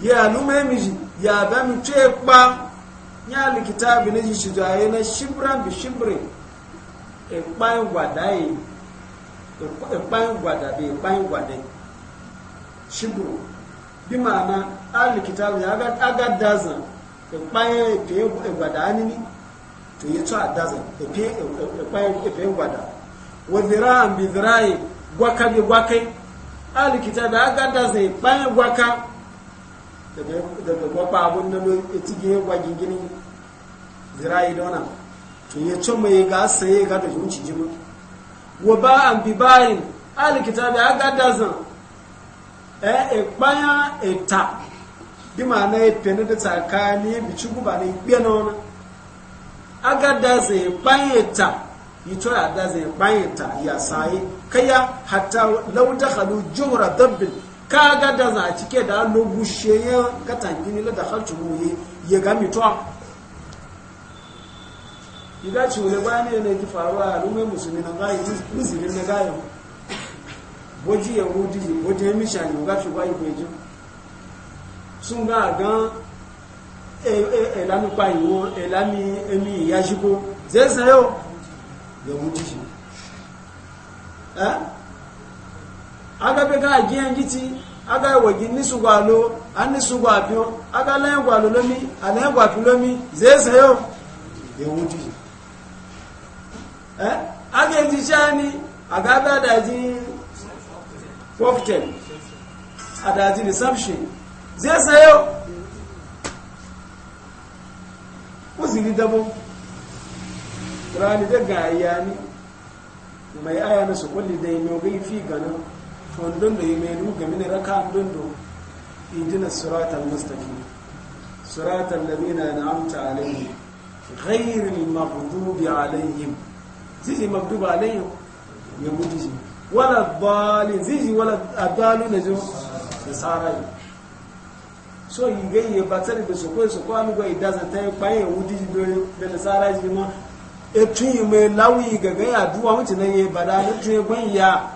ya miji ya ba mi ce pa ya likita bi na jishi da ya na shibra bi shibri ikpayin gwada yi ikpayin gwada bi ikpayin gwada yi shibru bi ma'ana a likita bi ya aga dazan ikpayin ife gwada anini to yi to a dazan ikpayin ife gwada wa zira'an bi zirai gwaka bi gwaka a likita bi ga dazan ikpayin gwaka daga gwakwa abun nan etigiyen gwagin gini zirayi da wannan to ya ce mai ga saye ga da zuci jima wa ba an bi bayin alikitabi aga dazan eh e, e paya eta bi ma na e pene da tsakani bi ci guba ne gbe na wannan e aga dazan e paya eta yito ya dazan e paya eta ya saye kaya hatta law dakhalu juhra dabbin ka ga dazan a cike da lobushe ya katangi ne la dakhaltu ya ga mitwa iga ci wule bayan ne ne ki faruwa a al'ummai musulmi na gayi na waje waje ya misha ne ga ci bayi sun ga gan elami e, e, elami emi ya zai shi eh ga giyan giti aga wagi nisu gwalo an nisu gwafiyo aga layan gwalo lomi a layan gwafi lomi zai shi eh ake ji shani a gaba daji cocktail a daji reception zai sayo uzuri dabo rani daga ni mai aya na su kulli da yi gai fi ganin fondon da yi mai ruga mini raka dondo suratar suratul mustaqim suratul ladina an'amta alaihim ghayril maghdubi alaihim zizi maktuba alayhi ya mutu wala dalin zizi wala adalu na jo sara yi so yi ga yi batar da su koyi da zata yi sara ji ma e tun yi mai lawi ga ga ya duwa wuce nan e e yi bada tun ya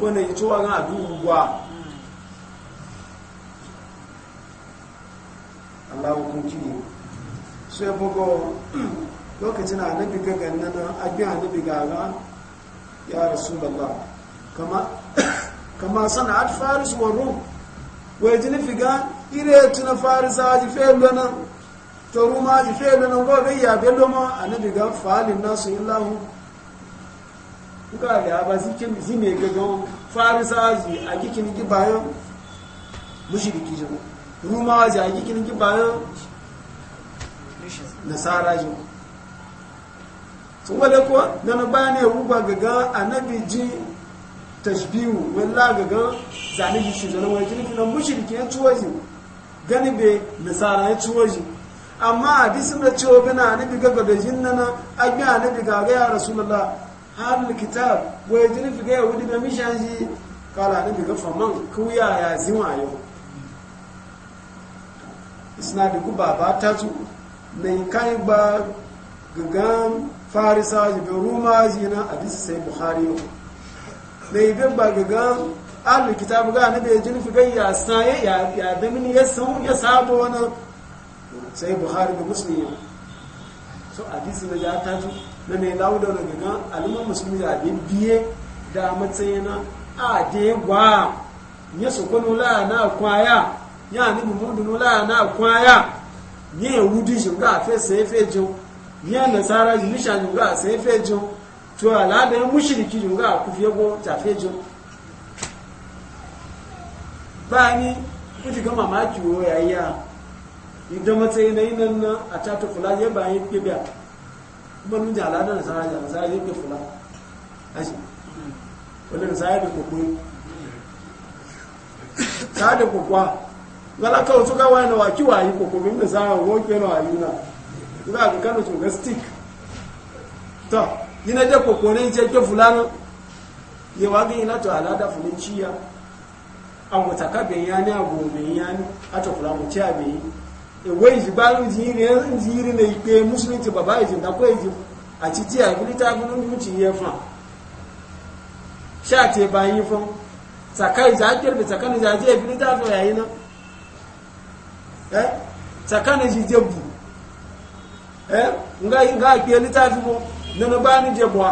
ne yi ga Allah hukunci ne sai ya bugo (clears throat) lokacin annabi ga ganna na abin annabi ga ga ya rasulullah kama (clears throat) kama sana at faris wa rum wai jini ga ire tuna farisa ji felo nan to ruma ji felo nan gobe ya bello ma annabi ga falin nasu illahu kuka ga ba zikin zine ga ga faris farisa ji a gikin gibayan mushi jama'a ruma ji a gikin gibayan nasara ji sun wadda kuwa da na bayan ya ruba gaga annabi ji tashbihu walla gaga zane ji shi zane wani jirgin nan mushirki ya ci waje gani bai nasara ya ci waje amma hadisin da ciwo gana annabi gaga da jin nana a yi annabi gaga ya lalla har kitab wani jirgin ga yahudi na mishan ji kala annabi ga faman kuya ya zima yau da guba ba ta zuwa mai kai ba gagan farisa ji da roma ji na hadisi sai bukhari yau mai bin ba gagan alu kitabu ga na bai jini figai ya saye ya damini ya san ya sabo wani sai bukhari da musulmi yau so hadisi na ja ta na mai lauda da gagan alimar musulmi da abin biye da matsayina a dewa ya sokonu la na kwaya ya ni mu mudu la na kwaya yẹn ewudi ṣùgbọ́n àfẹ́sẹ̀ ẹ̀fẹ́ jẹun yẹn nasara yìlíṣà ṣùgbọ́n àṣẹ ẹ̀fẹ́ jẹun tó àlàdẹ múṣìlìkì ṣùgbọ́n àkúfẹ́gbọ́ tàfẹ́ jẹun. báyìí ó ti gán màmá jù ó ẹ̀yà ìdánmọ́tẹ́ iná nasara ngala ka utuka wana wakiwa yuko kubimbe sawa wote na ayuna ngala kikano chunga stick to ina je ko kone je ke fulano ye wagi ina to alada fulinciya an wata ka ben yani ago ben yani ato fulano cha be e wei jibalu jiri jiri ne ipe muslim ti baba ejin da ko ejin àti tí àìbílítà gúnlùmù ti yẹ fún ṣáàtì ẹ̀bà yìí fún tàkà ìjà jẹ́rìbì tàkà ìjà jẹ́ ìbílítà fún ẹ̀yìn náà eh tsakanin shi jebu eh nga nga ke litafi mo nana ba ni jebu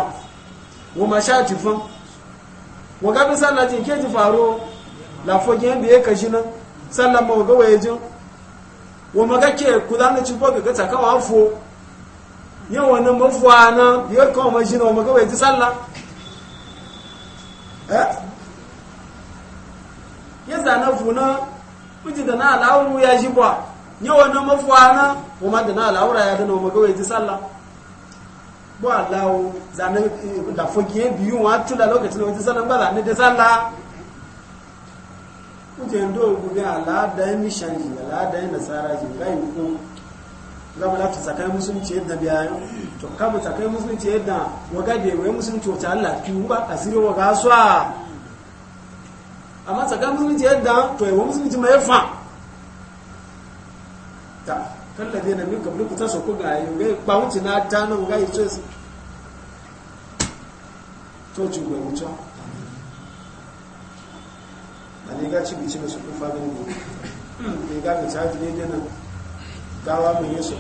wo ma sha ti fun wo ga bi sallah ti ke ji faro la fo gen bi e ka shi na sallah mo ga waye jin wo ma ga ke ku da ni ci bo ga tsaka wa fo yin wannan mafuwa na biyar e ka mai shi na wa maka waye ji sallah eh ya zana funa uji da na alawuru ya ji kuwa nye wani mafuwana o ma da na alawura ya da wa magawa ji sallah bu alawo zanen eh, da fogiye biyu wa tula lokacin da wajen sallah ba zanen da sallah uji ndo al'ada ya mishan ji ya nasara ji gai yi hukun zama lafi sakai musulunci yadda biya to kama sakai musulunci yadda gade wa yawai musulunci wata allah fiye ba asiri waga wa a amma tsakanin musulunci yadda to yawan musulunci mai fa ta kallabe na min ku ta soko ga yi ba wuce na ta nan ga yi tsoyi to ci gwe wuce a ne ga ci bici na su kufa gani ne ne ga ga caji ne dana gawa mai yi su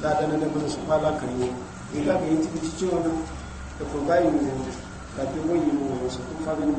da dana da mana su kwala kariyo ne ga ga yi ci bici ciwo na da kurbayi ne da ke goyi mu wasu kufa gani ne